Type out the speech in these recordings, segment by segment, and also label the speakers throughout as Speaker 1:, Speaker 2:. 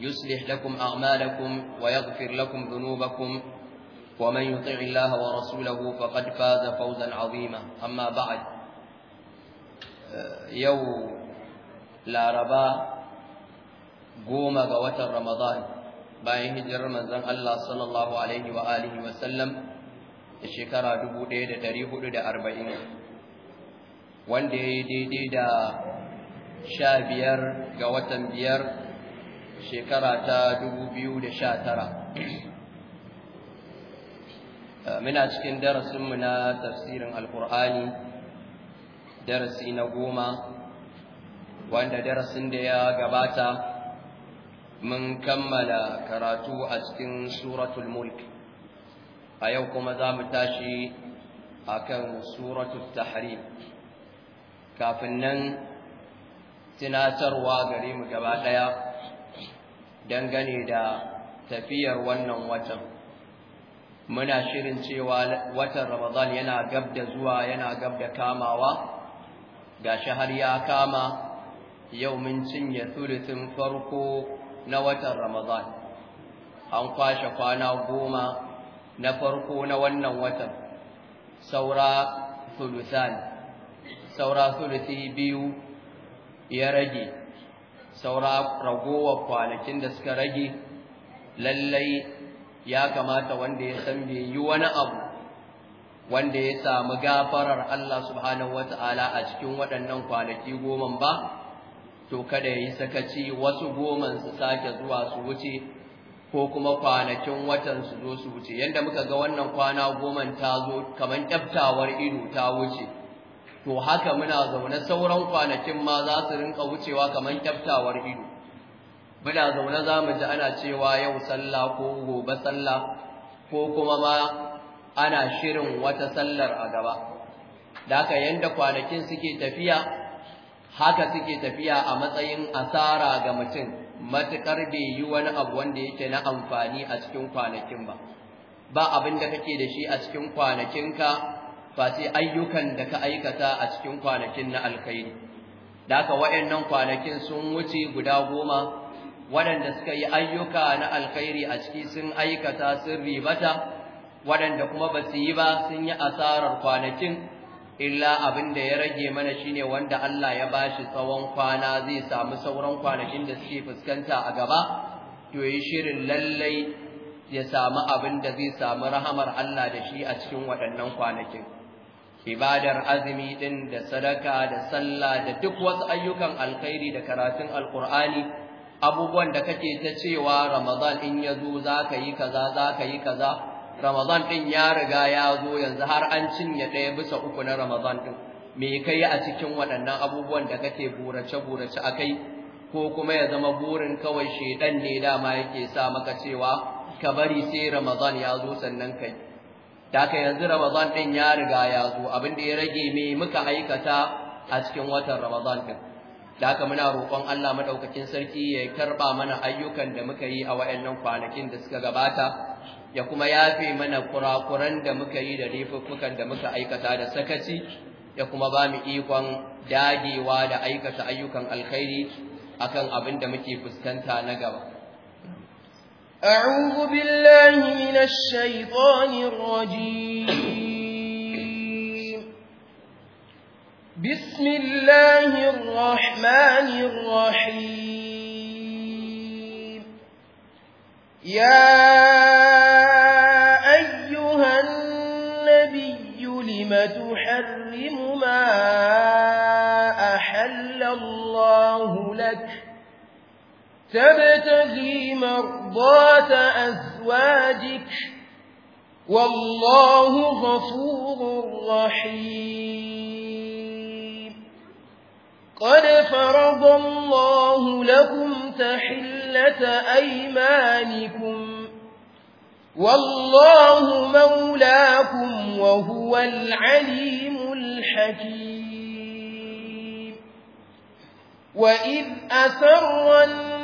Speaker 1: يصلح لكم أعمالكم ويغفر لكم ذنوبكم ومن يطع الله ورسوله فقد فاز فوزا عظيما أما بعد يو لا ربا قوم قوة رمضان باين هجر من زن الله صلى الله عليه وآله وسلم الشكرة دبو ديدة تريه ديدة أربعين وان ديدة شابير قوة بير shekara ta da sha tara. Uh, muna cikin darasinmu na tafsirin alkur'ani darasi na goma wanda darasin da ya gabata mun kammala karatu a cikin suratul mulk a yau kuma za mu tashi a kan suratul tahrim kafin nan tunatarwa gare mu gaba ɗaya dangane da tafiyar wannan watan muna shirin cewa watan ramadan yana gab da zuwa yana gab da kamawa gashi har ya kama yau mun cinye sulutun farko na watan ramadan an kwashe kwana goma na farko na wannan watan saura thulutan biyu ya rage saura ragowar kwanakin da suka rage lallai ya kamata wanda ya san bai yi wani abu wanda ya samu gafarar Allah subhanahu wata'ala a cikin waɗannan kwanaki goman ba to kada ya yi sakaci wasu goman su sake zuwa su wuce ko kuma kwanakin watan su zo su wuce Yadda muka ga wannan kwana goman ta zo kamar ƙyaftawar ido ta wuce to haka muna zaune sauran kwanakin ma za su rinka wucewa kamar kyaftawar ido muna zaune za mu ji ana cewa yau sallah ko gobe sallah ko kuma ma ana shirin wata sallar a gaba da haka yanda kwanakin suke tafiya haka suke tafiya a matsayin asara ga mutum matuƙar bai yi wani abu wanda yake na amfani a cikin kwanakin ba ba abin da kake da shi a cikin kwanakinka face ayyukan da ka aikata a cikin kwanakin na alkhairi da waɗannan wayannan kwanakin sun wuce guda goma waɗanda suka yi ayyuka na alkhairi a ciki sun aikata sun ribata waɗanda kuma ba su yi ba sun yi asarar kwanakin illa abin da ya rage mana shine wanda Allah ya bashi tsawon kwana zai samu sauran kwanakin da suke fuskanta a gaba to yi shirin lallai ya samu abin da zai samu rahamar Allah da shi a cikin waɗannan kwanakin ibadar azumi din da sadaka da sallah da duk wasu ayyukan alkhairi da karatun alkur'ani abubuwan da kake ta cewa ramadan in ya zo za ka yi kaza za ka yi kaza ramadan din ya riga ya zo yanzu har an cinye ɗaya bisa uku na ramadan din me kai a cikin waɗannan abubuwan da kake burace-burace a kai ko kuma ya zama burin kawai shaidan ne dama yake sa maka cewa ka bari sai ramadan ya zo sannan kai ta kai yanzu ramadan din ya riga ya zo abin da ya rage me muka aikata a cikin watan ramadan din da ka muna roƙon Allah madaukakin sarki ya karba mana ayyukan da muka yi a wayannan kwanakin da suka gabata ya kuma yafe mana kurakuran da muka yi da rifuffukan da muka aikata da sakaci ya kuma ba mu ikon dagewa da aikata ayyukan alkhairi akan abin da muke fuskanta na gaba
Speaker 2: أعوذ بالله من الشيطان الرجيم بسم الله الرحمن الرحيم يا أيها النبي لم تحرم ما أحل الله لك تبتغي مرضات أزواجك والله غفور رحيم قد فرض الله لكم تحلة أيمانكم والله مولاكم وهو العليم الحكيم وإذ أسر النبي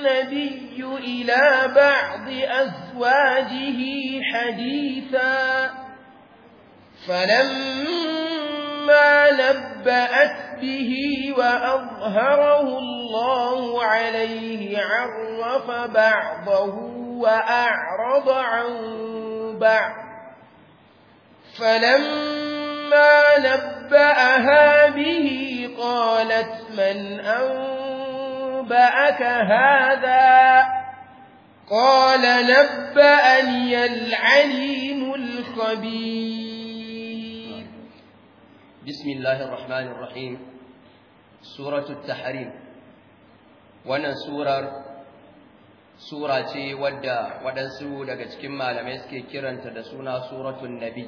Speaker 2: النبي إلى بعض أزواجه حديثا فلما نبأت به وأظهره الله عليه عرف بعضه وأعرض عن بعض فلما نبأها به قالت من أنفر نبأك هذا قال نبأني العليم الخبير بسم
Speaker 1: الله الرحمن الرحيم سورة التحريم وانا سورة sura ce wadda waɗansu daga cikin malamai suke kiranta da suna suratun nabi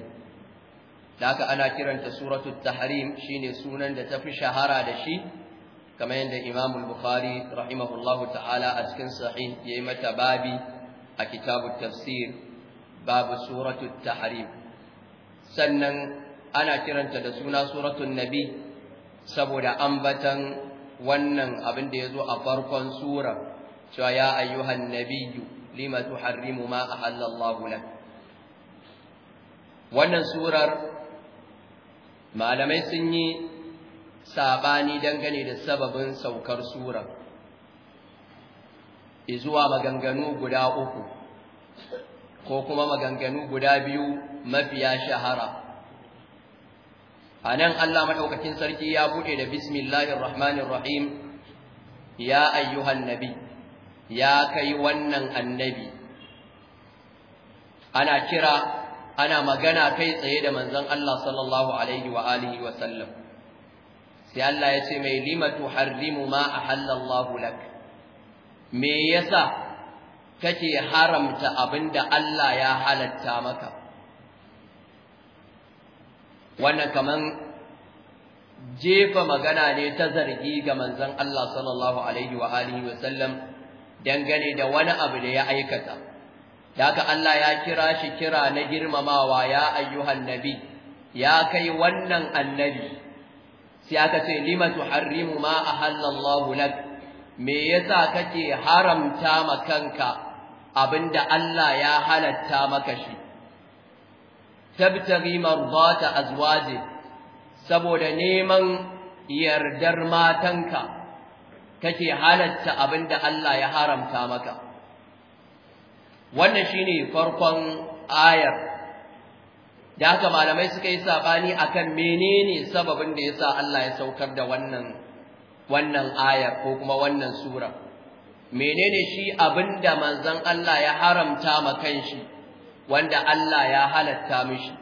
Speaker 1: da aka ana kiranta suratul tahrim shine sunan da tafi shahara da shi kamar yadda Imam Bukhari rahimahullahu ta'ala a cikin sahih yayi mata babi a kitabu tafsir babu suratu tahrim sannan ana kiranta da suna suratun nabi saboda ambatan wannan abin da ya zo a farkon sura cewa ya ayyuhan nabiyyu lima tuharrimu ma ahallallahu lak wannan surar malamai sun yi sabani dangane da sababin saukar surar izuwa maganganu guda uku ko kuma maganganu guda biyu mafiya shahara Anan Allah maɗaukakin sarki ya buɗe da bismillahir rahmanir rahim ya ayyuhan nabi ya kai wannan annabi ana kira ana magana kai tsaye da manzon Allah sallallahu alaihi wa alihi wa sallam sai Allah ya ce mai limatu harrimu ma a ahallallahu lak me yasa kake haramta abin da Allah ya halatta maka wannan kaman jefa magana ne ta zargi ga manzon Allah sallallahu alaihi wa alihi wa sallam dangane da wani abu da ya aikata da haka Allah ya kira shi kira na girmamawa ya ayyuhan nabi ya kai wannan annabi sai aka ce lima tuharrimu ma ahallallahu lak me yasa kake haramta ma kanka abinda Allah ya halatta maka shi tabtaghi marzata azwaji saboda neman yardar matanka kake halatta abinda Allah ya haramta maka wannan shine farkon ayar da haka malamai suka yi sabani akan menene sababin da yasa Allah ya saukar da wannan wannan aya ko kuma wannan sura menene shi abinda manzon Allah ya haramta ma kanshi wanda Allah ya halatta mishi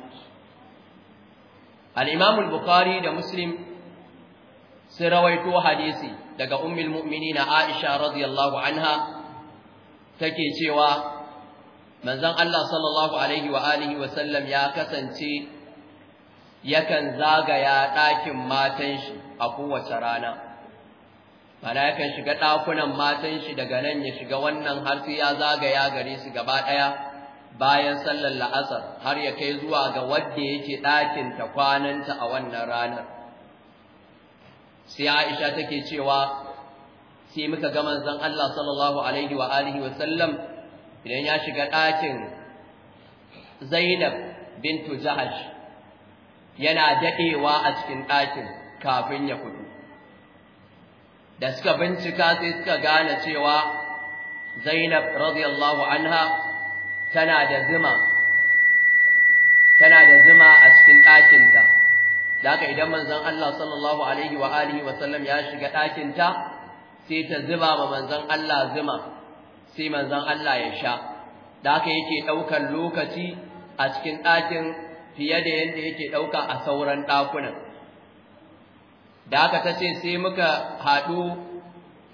Speaker 1: al-Imam al-Bukhari da Muslim sun rawaito hadisi daga ummul mu'minin Aisha radiyallahu anha take cewa manzon Allah sallallahu alaihi wa alihi wa sallam ya kasance yakan zagaya ɗakin matan shi a kowace rana Bana yakan shiga ɗakunan matan shi daga nan ya shiga wannan har sai ya zagaya gare su gaba ɗaya bayan sallar la'asar har ya kai zuwa ga wadda yake ɗakin ta kwananta a wannan ranar sai Aisha take cewa sai muka ga manzon Allah sallallahu alaihi wa alihi wa sallam idan ya shiga ɗakin Zainab bintu Jahash yana daɗewa a cikin ɗakin kafin ya kudu Da suka bincika sai suka gane cewa Zainab radiyallahu anha tana da zuma tana da zuma a cikin ɗakinta. Da haka idan manzon Allah sallallahu alaihi wa alihi wa sallam ya shiga ɗakinta sai ta zuba ma manzon Allah zuma. sai manzon Allah ya sha da aka yake ɗaukar lokaci a cikin ɗakin fiye da yadda yake ɗauka a sauran ɗakunan da aka ta ce sai muka haɗu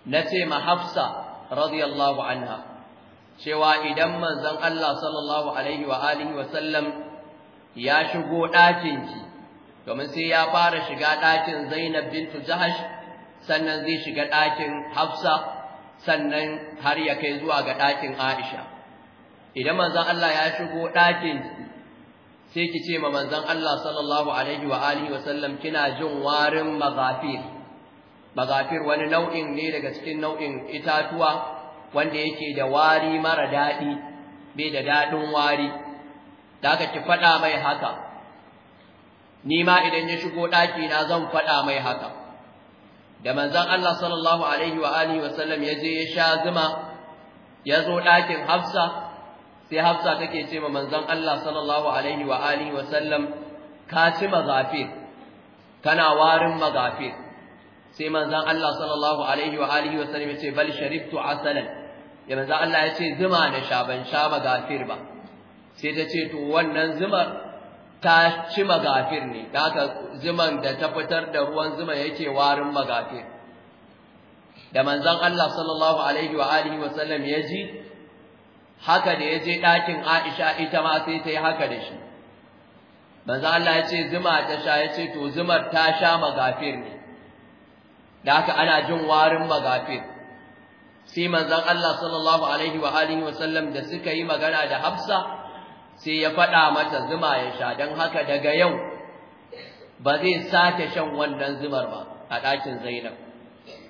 Speaker 1: na ce ma hafsa radiyallahu anha cewa idan manzon Allah sallallahu alaihi wa alihi wa sallam ya shigo ɗakin ki domin sai ya fara shiga ɗakin Zainab bintu Jahash sannan zai shiga ɗakin Hafsa sannan har ya kai zuwa ga ɗakin Aisha idan manzan Allah ya shigo ɗakin sai ki ce ma manzan Allah sallallahu alaihi wa alihi wa sallam kina jin warin magafir Magafir wani nau'in ne daga cikin nau'in itatuwa wanda yake da wari mara daɗi bai da daɗin wari da ki faɗa mai haka ni ma idan ya shigo ɗaki na zan faɗa mai haka da manzon Allah sallallahu alaihi wa alihi wa sallam ya je ya sha zuma ya zo ɗakin Hafsa sai Hafsa take ce ma manzon Allah sallallahu alaihi wa alihi wa sallam ka ci magafir kana warin magafir sai manzon Allah sallallahu alaihi wa alihi wa sallam ya ce bal sharibtu asalan ya manzon Allah ya ce zuma na sha ban sha magafir ba sai ta ce to wannan zumar ta ci magafir ne ta ka zuman da ta fitar da ruwan zuma yake warin magafir da manzan Allah sallallahu alaihi wa’alihi alihi wa sallam ya ji haka da ya je ɗakin Aisha ita ma sai ta yi haka da shi Manzan Allah ya ce zuma ta sha ya ce to zumar ta sha magafir ne da haka ana jin warin magafir sai manzan Allah sallallahu alaihi wa’alihi wa sallam da suka yi magana da Hafsa sai ya faɗa mata zuma ya sha don haka daga yau ba zai sake shan wannan zumar ba a ɗakin zainab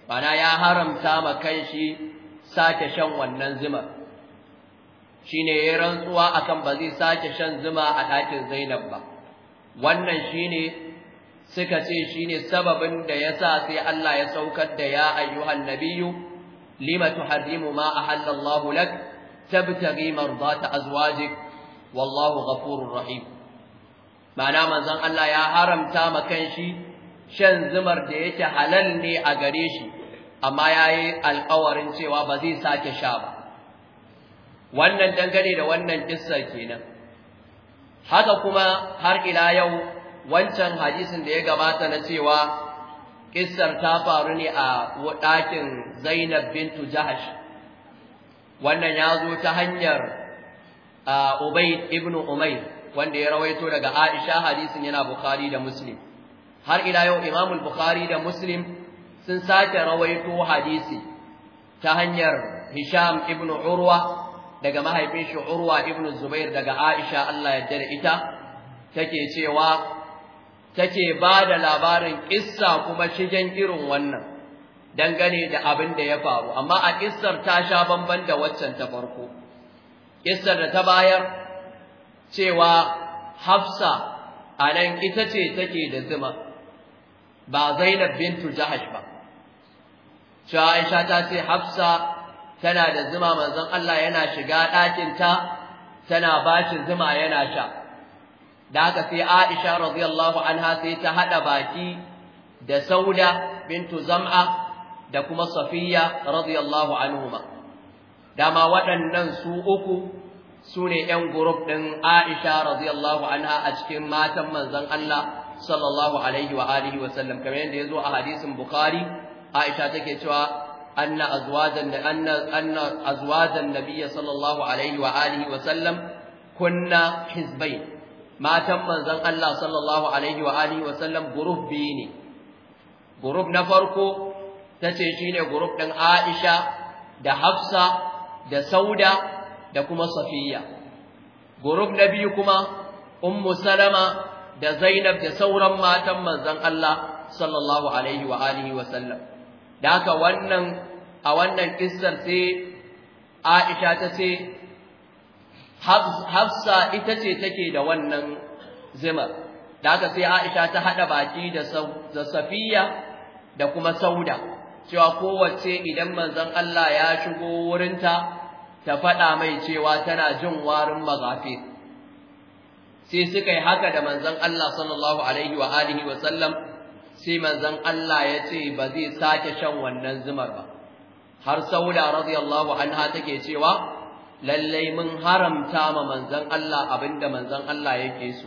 Speaker 1: bana ya haramta ma shi sake shan wannan zumar ne ya rantsuwa akan ba zai sake shan zuma a ɗakin zainab ba wannan ne suka ce shine sababin da ya sa sai Allah ya saukar da ya ayyuhan nabiyyu lima tuharrimu ma ahalla Allah lak tabtaghi mardata azwajik wallahu ghafurur rahim ma'ana manzon Allah ya haramta makan shi shan zumar da yake halal ne a gare shi amma yayi alƙawarin cewa ba zai sake sha ba wannan dangane da wannan kissar kenan haka kuma har ila yau wancan hadisin da ya gabata na cewa kissar ta faru ne a ɗakin Zainab bintu Jahash wannan ya zo ta hanyar Ubay ibn Umay wanda ya rawaito daga Aisha hadisin yana Bukhari da Muslim har ila yau Imam al Bukhari da Muslim sun sake rawaito hadisi ta hanyar Hisham ibn Urwa daga mahaifin shi Urwa ibn Zubair daga Aisha Allah ya yarda ita take cewa take ba da labarin kissa kuma shigen irin wannan dangane da abin da ya faru amma a kissar ta sha bamban da waccan ta farko kissar da ta bayar cewa Hafsa a nan ita ce take da zuma ba Zainab bintu Jahash ba cewa Aisha ta ce Hafsa tana da zuma manzon Allah yana shiga ɗakin ta tana bashi zuma yana sha da haka sai Aisha radiyallahu anha sai ta haɗa baki da Sauda bintu Zam'a da kuma Safiya radiyallahu anhuma dama waɗannan su uku su ne ‘yan guruf ɗin Aisha radiyallahu anha a cikin matan Manzan Allah sallallahu alaihi wa alihi wa sallam kamar yadda ya zo a hadisin Bukhari Aisha take cewa anna azwajan da anna anna azwajan nabiyyi sallallahu alaihi wa alihi wa sallam kunna hizbain matan Manzan Allah sallallahu alaihi wa alihi wa sallam guruf biyu ne guruf na farko tace shine guruf ɗin Aisha da Hafsa da sauda da kuma safiya gurub na biyu kuma ummu salama da zainab da sauran matan manzon Allah sallallahu alaihi wa alihi wa sallam da haka wannan a wannan kissar sai Aisha ta ce Hafsa ita ce take da wannan zimar. Da haka sai Aisha ta haɗa baki da Safiya da kuma Sauda, cewa kowace idan manzon Allah ya shigo wurinta ta faɗa mai cewa tana jin warin mazafi sai suka yi haka da manzon Allah sallallahu alaihi wa alihi wa sallam sai manzon Allah ya ce ba zai sake shan wannan zumar ba har sauda radiyallahu anha take cewa lallai mun haramta ma manzon Allah abinda manzon Allah yake so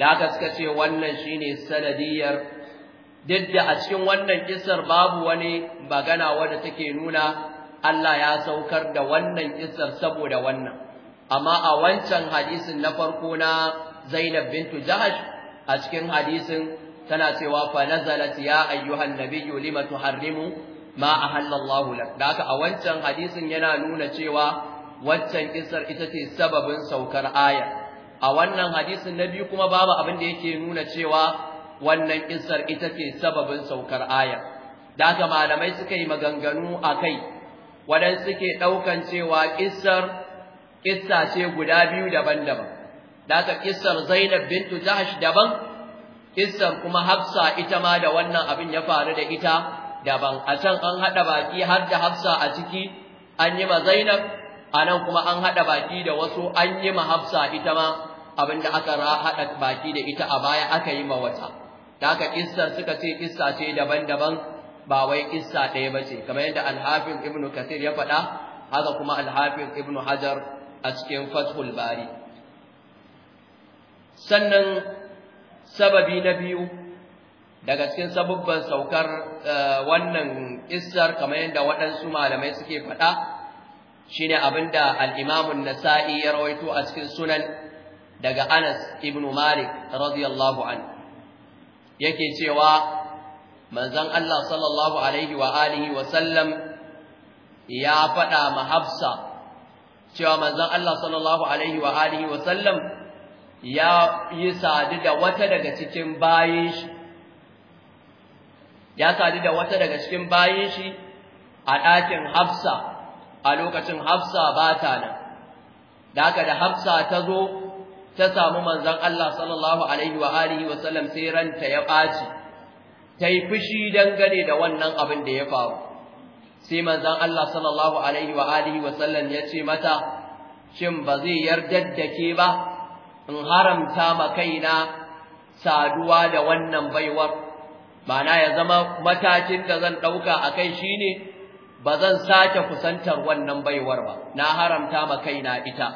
Speaker 1: da aka suka ce wannan shine sanadiyar duk da a cikin wannan kisar babu wani magana wadda take nuna Allah ya saukar da wannan kissar saboda wannan amma a wancan hadisin na farko na Zainab bintu Jahash a cikin hadisin tana cewa fa nazalat ya ayyuhan nabiyyu lima tuharrimu ma ahallallahu lak da haka a wancan hadisin yana nuna cewa wancan kissar ita ce sababin saukar aya a wannan hadisin na biyu kuma babu abin da yake nuna cewa wannan kissar ita ce sababin saukar aya da haka malamai suka yi maganganu a kai. waɗansu suke ɗaukan cewa ƙissar ƙissa ce guda biyu daban-daban da aka ƙissar zainab bintu jahash daban ƙissar kuma hafsa ita ma da wannan abin ya faru da ita daban a can an haɗa baki har da hafsa a ciki an yi ma zainab a nan kuma an haɗa baki da wasu an yi ma hafsa ita ma abin da aka haɗa baki da ita a baya aka yi ma wata da aka ƙissar suka ce ƙissa ce daban-daban ba wai kissa ɗaya ba ce kamar yadda alhafin ibnu kathir ya faɗa haka kuma alhafin ibnu hajar a cikin fathul bari sannan sababi na biyu daga cikin sabubban saukar eh, wannan kissar kamar yadda waɗansu malamai suke faɗa shine abinda al-imamu nasa'i ya rawaito a cikin sunan daga anas ibnu malik radiyallahu anhu yake cewa manzon Allah sallallahu alaihi wa alihi wa sallam ya faɗa ma Hafsa cewa manzon Allah sallallahu alaihi wa alihi wa sallam ya yi sadu da wata daga cikin bayin shi ya sadu da wata daga cikin bayin shi a ɗakin Hafsa a lokacin Hafsa ba ta nan da haka da Hafsa ta zo ta samu manzon Allah sallallahu alaihi wa alihi wa sallam sai ranta ya ɓaci ta yi fushi dangane da wannan abin da ya faru sai manzon Allah sallallahu alaihi wa alihi wa sallam ya ce mata shin ba zai yarda da ke ba in haramta ma kaina saduwa da wannan baiwar na ya zama matakin da zan ɗauka dauka shi shine ba zan sake kusantar wannan baiwar ba na haramta ma kaina ita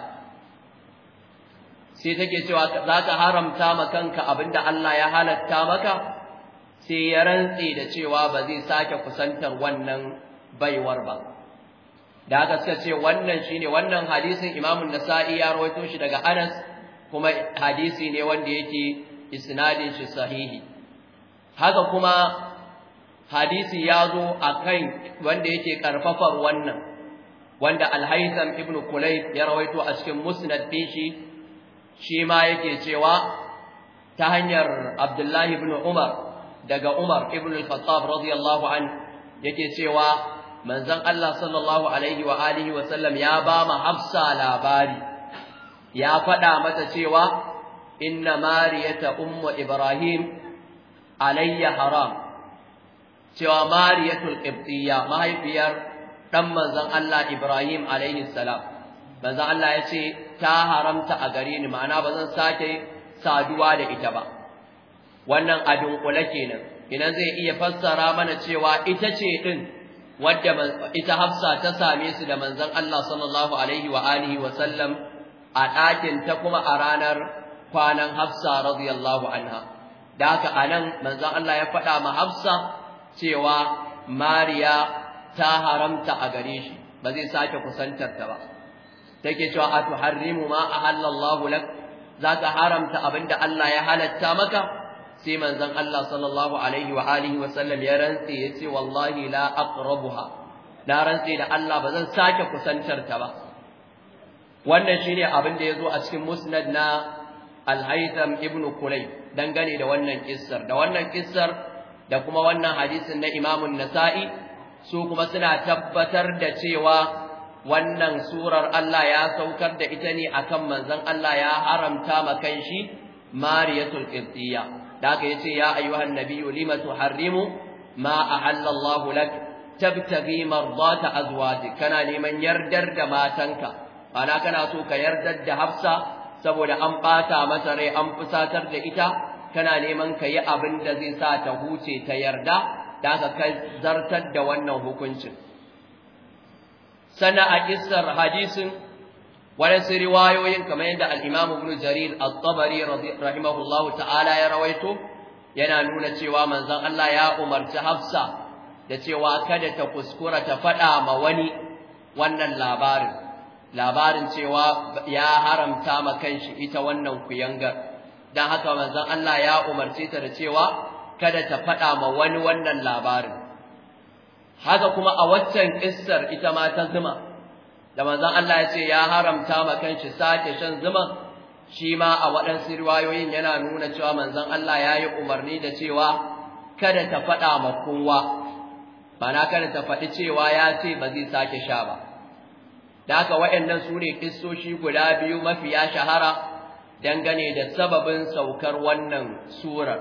Speaker 1: sai take cewa za ka haramta ma kanka abinda Allah ya halatta maka sai ya rantse da cewa ba zai sake kusantar wannan baiwar ba da aka suka ce wannan shi ne wannan hadisin imamun Sa'i ya rawaito shi daga anas kuma hadisi ne wanda yake isnadin shi sahihi haka kuma hadisi ya zo a kan wanda yake karfafar wannan wanda alhaitham ibn Kulai ya rawaito a cikin musnad din shi shi ma yake cewa ta hanyar abdullahi ibn umar daga Umar ibn al-Khattab radiyallahu an yake cewa manzon Allah sallallahu alaihi wa alihi wa sallam ya ba ma Hafsa labari ya faɗa mata cewa inna mariyata ummu Ibrahim alayya haram cewa mariyatul qibtiyya mahaifiyar dan manzon Allah Ibrahim alaihi salam manzon Allah ya ce ta haramta a gare ni ma'ana ba zan sake saduwa da ita ba wannan abin kula kenan ina zai iya fassara mana cewa ita ce din wadda ita Hafsa ta same su da manzon Allah sallallahu alaihi wa alihi wa sallam a dakin ta kuma a ranar kwanan Hafsa radiyallahu anha da haka anan manzon Allah ya faɗa ma Hafsa cewa Mariya ta haramta a gare shi ba zai sake kusantar ta ba take cewa atuharrimu ma ahallallahu lak zaka haramta abinda Allah ya halatta maka sai manzon Allah sallallahu alaihi wa alihi wa sallam ya rantse yace wallahi la aqrabuha na rantse da Allah ba zan sake kusantar ta ba wannan shine abin da yazo a cikin musnad na al-Haytham ibn Kulayb dangane da wannan kissar da wannan kissar da kuma wannan hadisin na Imam nasai su kuma suna tabbatar da cewa wannan surar Allah ya saukar da ita ne akan manzon Allah ya haramta ma shi Mariyatul Qibtiyya da haka yace ya ayyuhan nabiyyu limatu Harimu. ma ahalla Allah lak tabtaghi mardata azwajik kana neman yardar da matanka ana kana so ka yardar da Hafsa saboda an bata masa rai an fusatar da ita kana neman ka yi abin da zai sa ta huce ta yarda da ka zartar da wannan hukuncin sana a hadisin waɗansu riwayoyin kamar yadda al'imamu ibn jarir al-tabari rahimahullahu ta'ala ya rawaito yana nuna cewa manzon Allah ya umarci hafsa da cewa kada ta kuskura ta faɗa ma wani wannan labarin labarin cewa ya haramta ma shi ita wannan kuyangar don haka manzon Allah ya umarce ta da cewa kada ta faɗa ma wani wannan labarin haka kuma a waccan kissar ita ma ta zuma da manzon Allah ya ce ya haramta ma kanshi sake shan zuma shi ma a waɗansu riwayoyin yana nuna cewa manzon Allah ya yi umarni da cewa kada ta faɗa ma kowa bana kada ta faɗi cewa ya ce ba zai sake sha ba da haka waɗannan su ne kissoshi guda biyu mafiya shahara dangane da sababin saukar wannan surar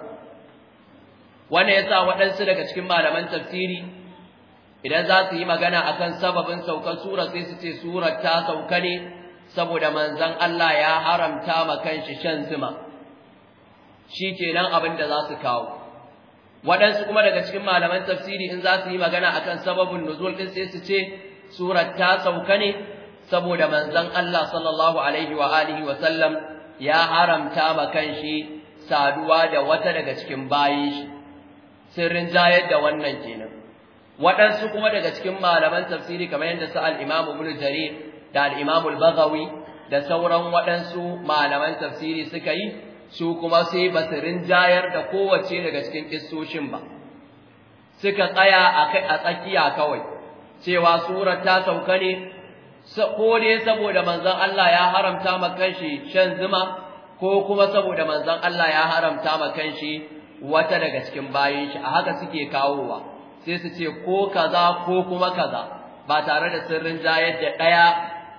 Speaker 1: wannan yasa waɗansu daga cikin malaman tafsiri idan za su yi magana a kan sababin saukar sura sai su ce surar ta sauka ne saboda manzan Allah ya haramta ma shi shan zuma shi nan abin da za su kawo waɗansu kuma daga cikin malaman tafsiri in za su yi magana a kan sababin nuzul ɗin sai su ce surar ta sauka ne saboda manzan Allah sallallahu alaihi wa alihi wa sallam ya haramta ma shi saduwa da wata daga cikin bayi shi sirrin jayar da wannan kenan waɗansu kuma daga cikin malaman tafsiri kamar yadda su al-Imam Ibn Jarir da al-Imam da sauran waɗansu malaman tafsiri suka yi su kuma sai basirin jayar da kowace daga cikin kissoshin ba suka tsaya a tsakiya kawai cewa surar ta sauka ne ko ne saboda manzon Allah ya haramta ma kanshi shan zuma ko kuma saboda manzon Allah ya haramta ma kanshi wata daga cikin bayin shi a haka suke kawowa sai su ce ko kaza ko kuma kaza ba tare da sirrin jayar da ɗaya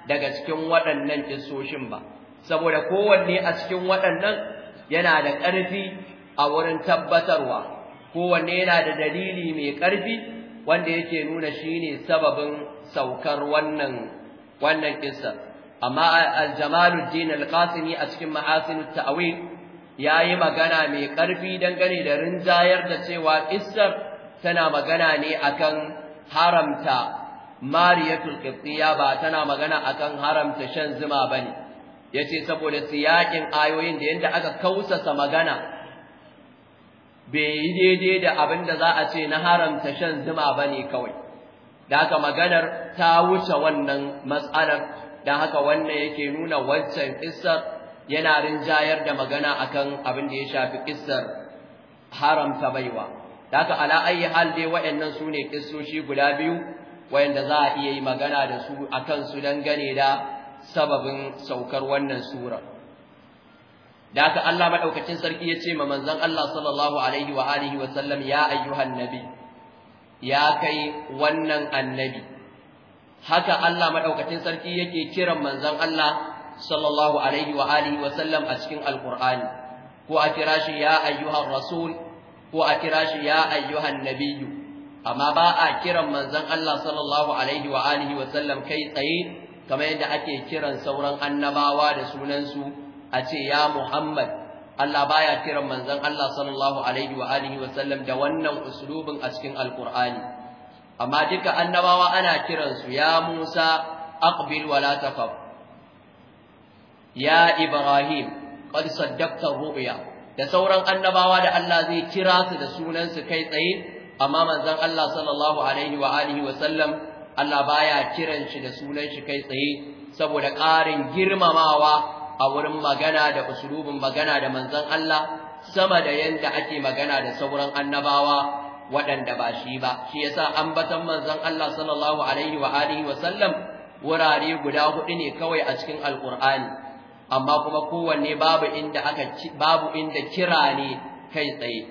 Speaker 1: daga cikin waɗannan kisoshin ba saboda kowanne a cikin waɗannan yana da ƙarfi a wurin tabbatarwa kowanne yana da dalili mai ƙarfi wanda yake nuna shine sababin saukar wannan wannan kissa amma al-Jamaluddin al-Qasimi a cikin ta'awil ya yi magana mai ƙarfi dangane da rinjayar da cewa issar. tana magana ne akan haramta mariyatul qibtiya ba tana magana akan haramta shan zuma bane yace saboda siyakin ayoyin da yanda aka kausasa magana bai yi daidai da abinda za a ce na haramta shan zuma bane kawai da haka maganar ta wuce wannan matsalar da haka wannan yake nuna wancan kissar yana rinjayar da magana akan abin da ya shafi kissar haramta baiwa Daga ala ayi hal dai wayannan su ne kissoshi guda biyu wayanda za a iya yi magana da su a su dangane da sababin saukar wannan sura. Daga Allah madaukakin sarki ya ce ma manzon Allah sallallahu alaihi wa alihi wa sallam ya ayyuhan nabi ya kai wannan annabi. Haka Allah madaukakin sarki yake kiran manzon Allah sallallahu alaihi wa alihi wa sallam a cikin Alƙur'ani ko a kira shi ya ayyuhan rasul ko a kira shi ya ayyuhan nabiyyu amma ba a kiran manzon Allah sallallahu alaihi wa alihi wa sallam kai tsaye kamar yadda ake kiran sauran annabawa da sunan su a ce ya Muhammad Allah baya kiran manzon Allah sallallahu alaihi wa alihi wa sallam da wannan uslubin a cikin alqur'ani amma duka annabawa ana kiran su ya Musa aqbil wa la taqab ya Ibrahim qad saddaqta ru'ya da sauran annabawa da Allah zai kira su da sunansu kai tsaye amma manzon Allah sallallahu alaihi wa alihi wa sallam Allah baya kiran shi da sunan shi kai tsaye saboda ƙarin girmamawa a wurin magana da usulubin magana da manzon Allah sama da yanda ake magana da sauran annabawa waɗanda ba shi ba shi yasa batan manzon Allah sallallahu alaihi wa alihi wa sallam wurare guda hudu ne kawai a cikin alqur'ani amma kuma kowanne babu inda aka babu inda kira ne kai tsaye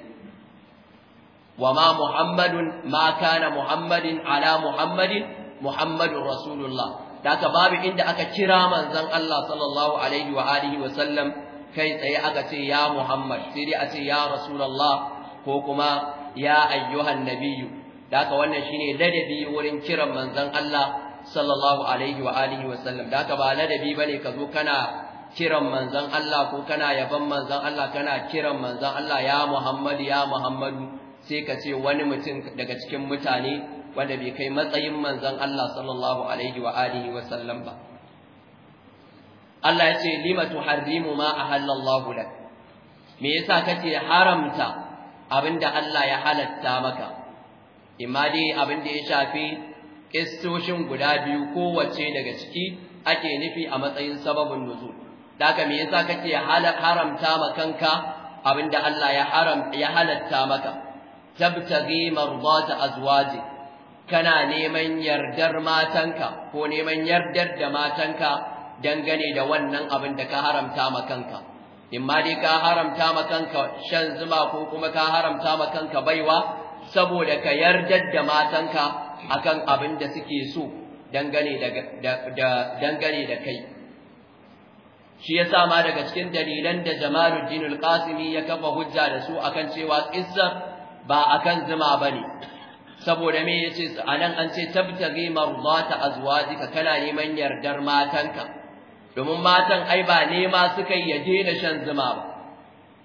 Speaker 1: wama muhammadun ma kana muhammadin ala muhammadin muhammadun rasulullah da aka babu inda aka kira manzon Allah sallallahu alaihi wa alihi wa sallam kai tsaye aka ce ya muhammad sai dai a ce ya rasulullah ko kuma ya ayyuhan nabiyyu da aka wannan shine ladabi wurin kiran manzon Allah sallallahu alaihi wa alihi wa sallam da aka ba ladabi bane ka zo kana kiran manzan Allah ko kana yaban manzan Allah kana kiran manzan Allah ya Muhammadu ya Muhammadu sai ka ce wani mutum daga cikin mutane wanda bai kai matsayin manzan Allah sallallahu alaihi wa alihi wa sallam ba Allah ya ce lima tuharrimu ma ahallallahu lak me yasa kace haramta abinda Allah ya halatta maka imma dai abinda ya shafi kistoshin guda biyu kowace daga ciki ake nufi a matsayin sababin nuzul da haka me yasa kake haramta ma kanka abinda Allah ya haram ya halatta maka tabtaghi mardata azwaji kana neman yardar matanka ko neman yardar da matanka dangane da wannan abin da ka haramta ma kanka in ma dai ka haramta ma kanka shan zuma ko kuma ka haramta ma kanka baiwa saboda ka yardar da matanka akan abin da suke so dangane da kai shi ya ma daga cikin dalilan da Jamaluddin al-Qasimi ya kafa hujja da su akan cewa qissa ba akan zuma bane saboda me yace anan an ce tabtagi marzata azwajika kana neman yardar matanka domin matan ai ba nema suka yi yaje da shan zuma ba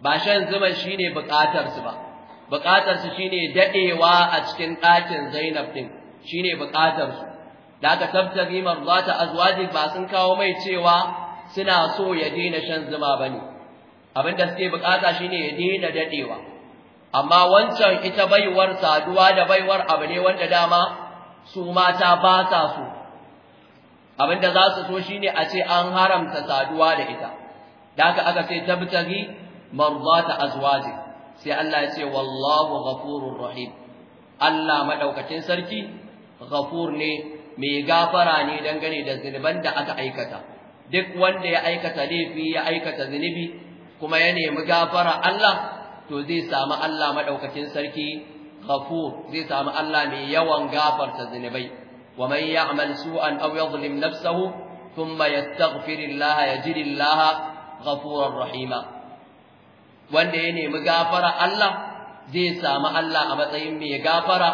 Speaker 1: ba shan zuma shine bukatar su ba bukatar su shine dadewa a cikin ɗakin Zainab din shine bukatar su da aka tabtagi marzata azwajika ba sun kawo mai cewa suna so ya daina shan zuma bane abinda suke bukata shine ya daina dadewa amma wancan ita baiwar saduwa da baiwar abu ne wanda dama su mata ba sa so abinda za su so shine a ce an haramta saduwa da ita da haka aka sai tabtagi marzata azwaji sai Allah ya ce wallahu ghafurur rahim Allah madaukakin sarki ghafur ne mai gafara ne dangane da zulban da aka aikata duk wanda ya aikata laifi ya aikata zunubi kuma ya nemi gafara Allah to zai samu Allah madaukakin sarki ghafur zai samu Allah mai yawan gafarta zunubai wa man ya'mal su'an aw yadhlim nafsahu thumma yastaghfirillaha yajidillaha ghafurar rahima wanda ya nemi gafara Allah zai samu Allah a matsayin mai gafara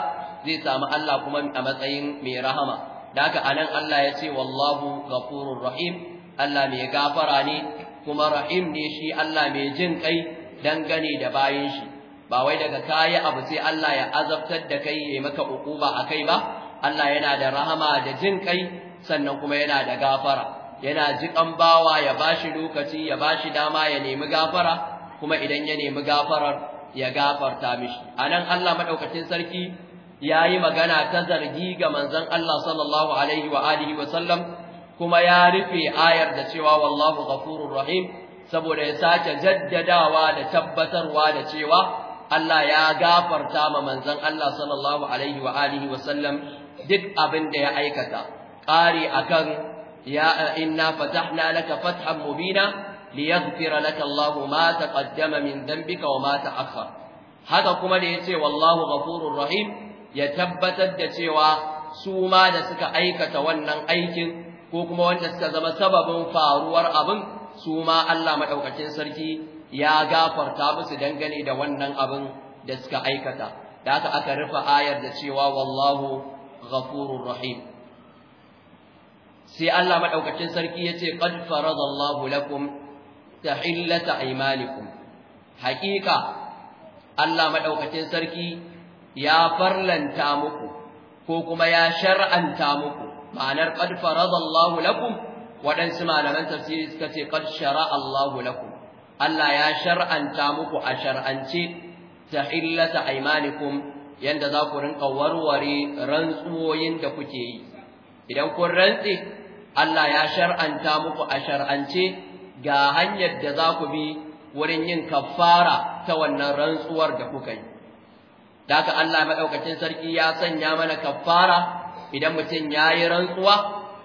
Speaker 1: zai samu Allah kuma a matsayin mai rahama da haka anan Allah ya ce wallahu ghafurur rahim Allah mai gafara ne kuma rahim ne shi Allah mai jin kai dangane da bayan shi ba wai daga kayi abu sai Allah ya azabtar da kai ya maka ba a kai ba Allah yana da rahama da jin kai sannan kuma yana da gafara yana jikan bawa ya bashi lokaci ya bashi dama ya nemi gafara kuma idan ya nemi gafarar ya gafarta mishi anan Allah madaukakin sarki ya yi magana ta zargi ga manzon Allah sallallahu alaihi wa alihi wa sallam kuma ya rufe ayar da cewa wallahu ghafurur rahim saboda ya sake jaddadawa da tabbatarwa da cewa Allah ya gafarta ma manzon Allah sallallahu alaihi wa alihi wa sallam duk abin da ya aikata ƙari akan ya inna fatahna laka fathan mubina liyaghfira laka Allah ma taqaddama min dhanbika wa ma ta'akhkhar haka kuma da yace wallahu ghafurur rahim ya tabbatar da cewa su ma da suka aikata wannan aikin ko kuma wanda suka zama sababin faruwar abin su ma Allah maɗaukacin sarki ya gafarta musu dangane da wannan abin da suka aikata da haka aka rufe ayar da cewa wallahu ghafurur rahim sai Allah maɗaukacin sarki yace qad faradallahu lakum tahillata aymanikum haqiqa Allah maɗaukacin sarki ya farlanta muku ko kuma ya shar'anta muku ma'anar qad faradallahu lakum waɗansu malaman tafsiri suka ce qad shara Allahu lakum Allah ya shar'anta muku a shar'ance illata aymanikum yanda za ku rinka warware rantsuwoyin da kuke yi idan kun rantse Allah ya shar'anta muku a shar'ance ga hanyar da za ku bi wurin yin kafara ta wannan rantsuwar da kuka yi daga Allah maɗaukacin sarki ya sanya mana kafara idan mutum ya yi rantsuwa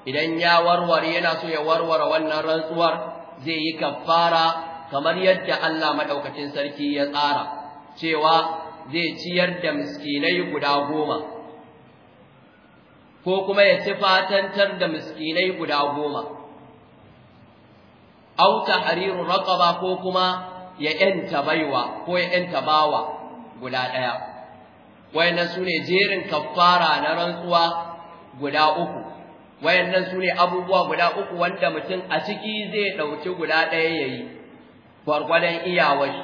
Speaker 1: idan ya warware yana so ya warware wannan rantsuwar zai yi kafara kamar yadda Allah maɗaukacin sarki ya tsara cewa zai ciyar da miskinai guda goma ko kuma ya ci fatantar da miskinai guda goma au tahriru raqaba ko kuma ya ‘yanta baiwa ko ya ‘yanta bawa guda ɗaya, wayannan sune jerin kafara na rantsuwa guda uku wayannan su ne abubuwa guda uku wanda mutum a ciki zai ɗauki guda ɗaya ya yi gwargwadon iyawar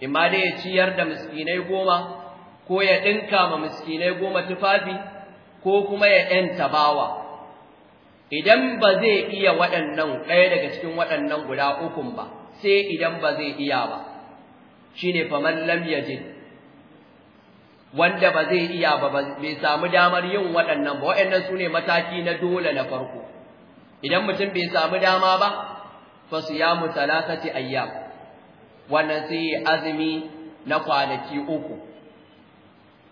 Speaker 1: imma dai ya ciyar da miskinai goma ko ya ɗinka ma miskinai goma tufafi ko kuma ya ‘yanta bawa idan ba zai iya waɗannan ɗaya daga cikin waɗannan guda ukun ba sai idan ba zai iya ba shi ne faman lam yajid wanda ba zai iya ba bai samu damar yin waɗannan ba waɗannan su ne mataki na dole na farko idan mutum bai samu dama ba fa siyamu talatati ayyam wannan sai azumi na kwanaki uku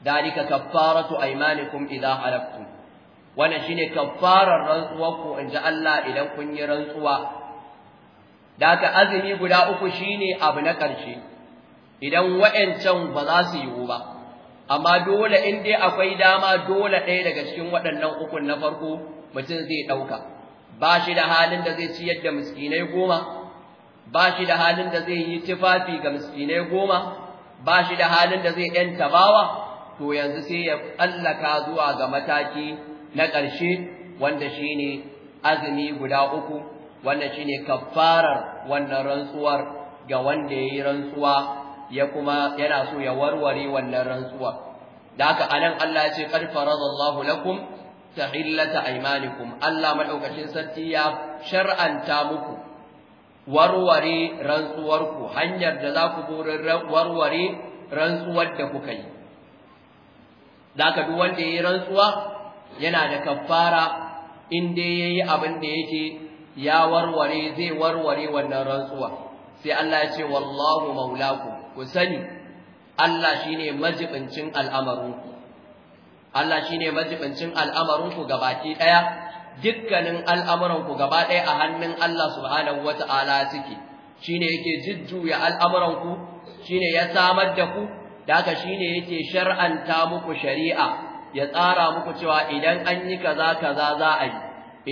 Speaker 1: dalika kaffaratu aymanikum idza halaftum wannan shine kaffarar rantsuwarku inji Allah idan kun yi rantsuwa daka azumi guda uku shine abu na ƙarshe idan wa'ancan ba za su yiwu ba amma dole in dai akwai dama dole ɗaya daga cikin waɗannan ukun na farko mutum zai ɗauka ba shi da halin da zai ciyar da miskinai goma ba shi da halin da zai yi tufafi ga miskinai goma ba shi da halin da zai ‘yan tabawa to yanzu sai ya tsallaka zuwa ga mataki na ƙarshe wanda shi ne azumi guda uku wanda shi ne kafarar wannan rantsuwar ga wanda ya yi rantsuwa ya kuma yana so ya warware wannan rantsuwa da haka anan Allah ya ce qad faradallahu lakum tahillata aymanikum Allah madaukakin sarki ya shar'anta muku warware rantsuwarku hanyar da za ku burin warware rantsuwar da kuka yi da haka duk wanda ya yi rantsuwa yana da kaffara in dai ya yi abin da yake ya warware zai warware wannan rantsuwa sai Allah ya ce wallahu maulakum ku sani Allah shine majibincin al'amarinku Allah shine majibincin al'amarinku gabaki ɗaya dukkanin al'amuranku gaba ɗaya a hannun Allah subhanahu wata'ala suke shine yake jujjuya al'amuranku shine ya samar da ku da haka shine yake shar'anta muku shari'a ya tsara muku cewa idan an yi kaza kaza za a yi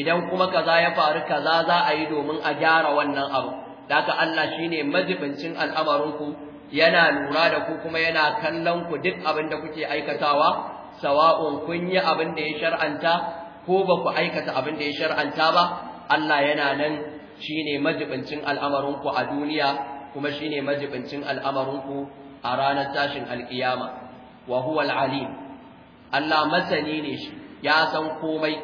Speaker 1: idan kuma kaza ya faru kaza za a yi domin a gyara wannan abu daga Allah shine majibincin al'amarinku yana lura da ku kuma yana kallon ku duk abin da kuke aikatawa sawa'un kun yi abin da ya shar'anta ko ba ku aikata abin da ya shar'anta ba Allah yana nan shine majibincin al'amarinku a duniya kuma shine majibincin al'amarinku a ranar tashin alkiyama wa huwa al'alim Allah masani ne shi ya san komai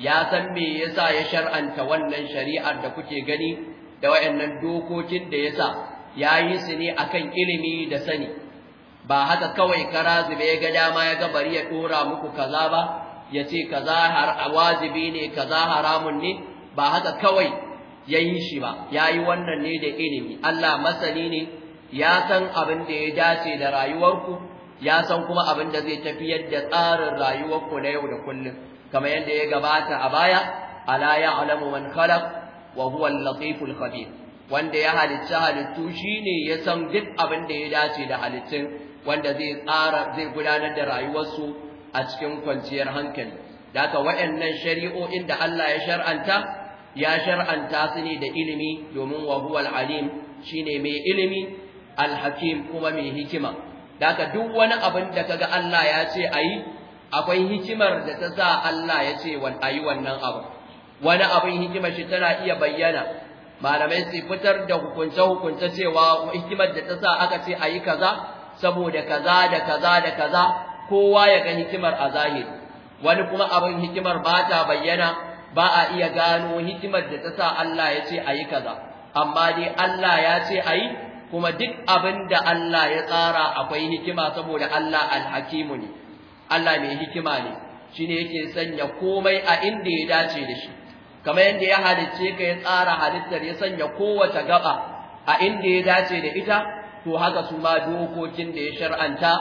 Speaker 1: ya san me yasa ya shar'anta wannan shari'ar da kuke gani da wayannan dokokin da yasa yayi su ne akan ilimi da sani ba haka kawai karazube zube ya ga dama ya ga bari ya dora muku kaza ba ya ce kaza har ne kaza haramun ne ba haka kawai yayi shi ba yayi wannan ne da ilimi Allah masani ne ya san abin da ya dace da rayuwarku ya san kuma abin da zai tafiyar da tsarin rayuwarku na yau da kullum kamar yadda ya gabata a baya ala ya alamu man khalaq wa huwa al-latiful khabir wanda ya halitta halittu shine ya san duk abin da ya dace da halittun wanda zai tsara zai gudanar da rayuwarsu a cikin kwanciyar hankali daga waɗannan shari'o'in da Allah ya shar'anta ya shar'anta su ne da ilimi domin wa huwa al-alim shine mai ilimi al-hakim kuma mai hikima daga duk wani abin da kaga Allah ya ce ayi akwai hikimar da ta sa Allah ya ce wal ayi wannan abu wani abin hikimar shi tana iya bayyana malamai su fitar da hukunce-hukunce cewa hikimar da ta sa aka ce a yi kaza saboda kaza da kaza da kaza kowa ya ga hikimar a zahiri wani kuma abin hikimar ba ta bayyana ba a iya gano hikimar da ta sa Allah ya ce a yi kaza amma dai Allah ya ce a yi kuma duk abin da Allah ya tsara akwai hikima saboda Allah alhakimu ne Allah mai hikima ne shine yake sanya komai a inda ya dace da shi kamar yadda ya halicce ka ya tsara halittar ya sanya kowace gaba a inda ya dace da ita to haka su ma dokokin da ya shar'anta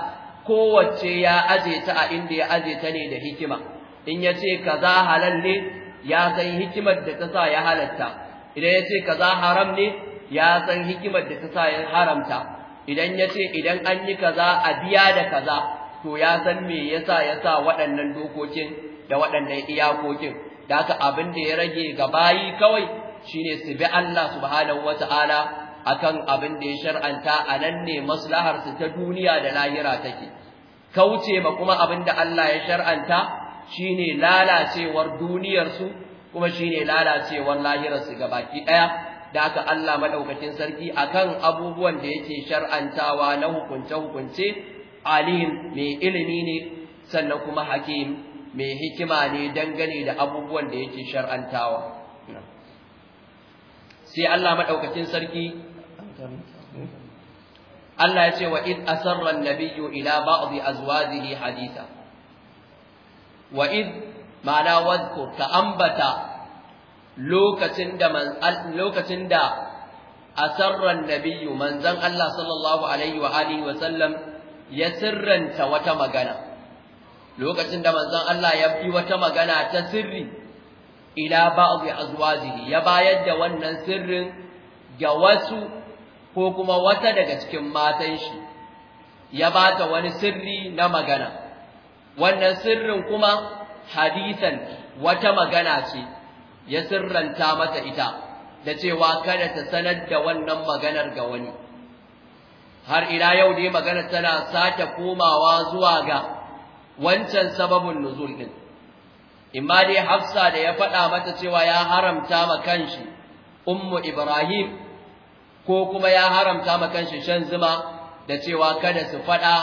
Speaker 1: kowace ya aje ta a inda ya aje ta ne da hikima in ya ce kaza halal ne ya san hikimar da ta sa ya halatta idan ya ce kaza haram ne ya san hikimar da ta sa ya haramta idan ya ce idan an yi kaza a biya da kaza to ya san me yasa sa waɗannan dokokin da waɗannan iyakokin da haka abin da ya rage ga bayi kawai shine su bi Allah subhanahu wata'ala akan abin da ya shar'anta a nan ne maslahar su ta duniya da lahira take kauce ma kuma abin da Allah ya shar'anta shine lalacewar duniyar su kuma shine lalacewar lahirar su baki daya da aka Allah madaukakin sarki akan abubuwan da yake shar'antawa na hukunce-hukunce alim mai ilimi ne sannan kuma hakim mai hikima ne dangane da abubuwan da yake shar'antawa sai Allah madaukakin sarki Allah ya ce wa id asarra an-nabiyyu ila ba'dhi azwajihi haditha wa id ma'ana wadhkur ka ambata lokacin da man lokacin da asarra an-nabiyyu manzon Allah sallallahu alaihi wa alihi wa sallam ya sirranta wata magana lokacin da manzon Allah ya fi wata magana ta sirri ila ba'dhi azwajihi ya bayar da wannan sirrin ga wasu ko kuma wata daga cikin matan shi ya bata wani sirri na magana wannan sirrin kuma hadisan wata magana ce ya sirranta mata ita da cewa kada ta sanar da wannan maganar ga wani har ila yau dai maganar tana sake komawa zuwa ga wancan sababin nuzul din imma dai Hafsa da ya faɗa mata cewa ya haramta ma kanshi ummu Ibrahim ko kuma ya haramta ma kanshi shan zuma da cewa kada su faɗa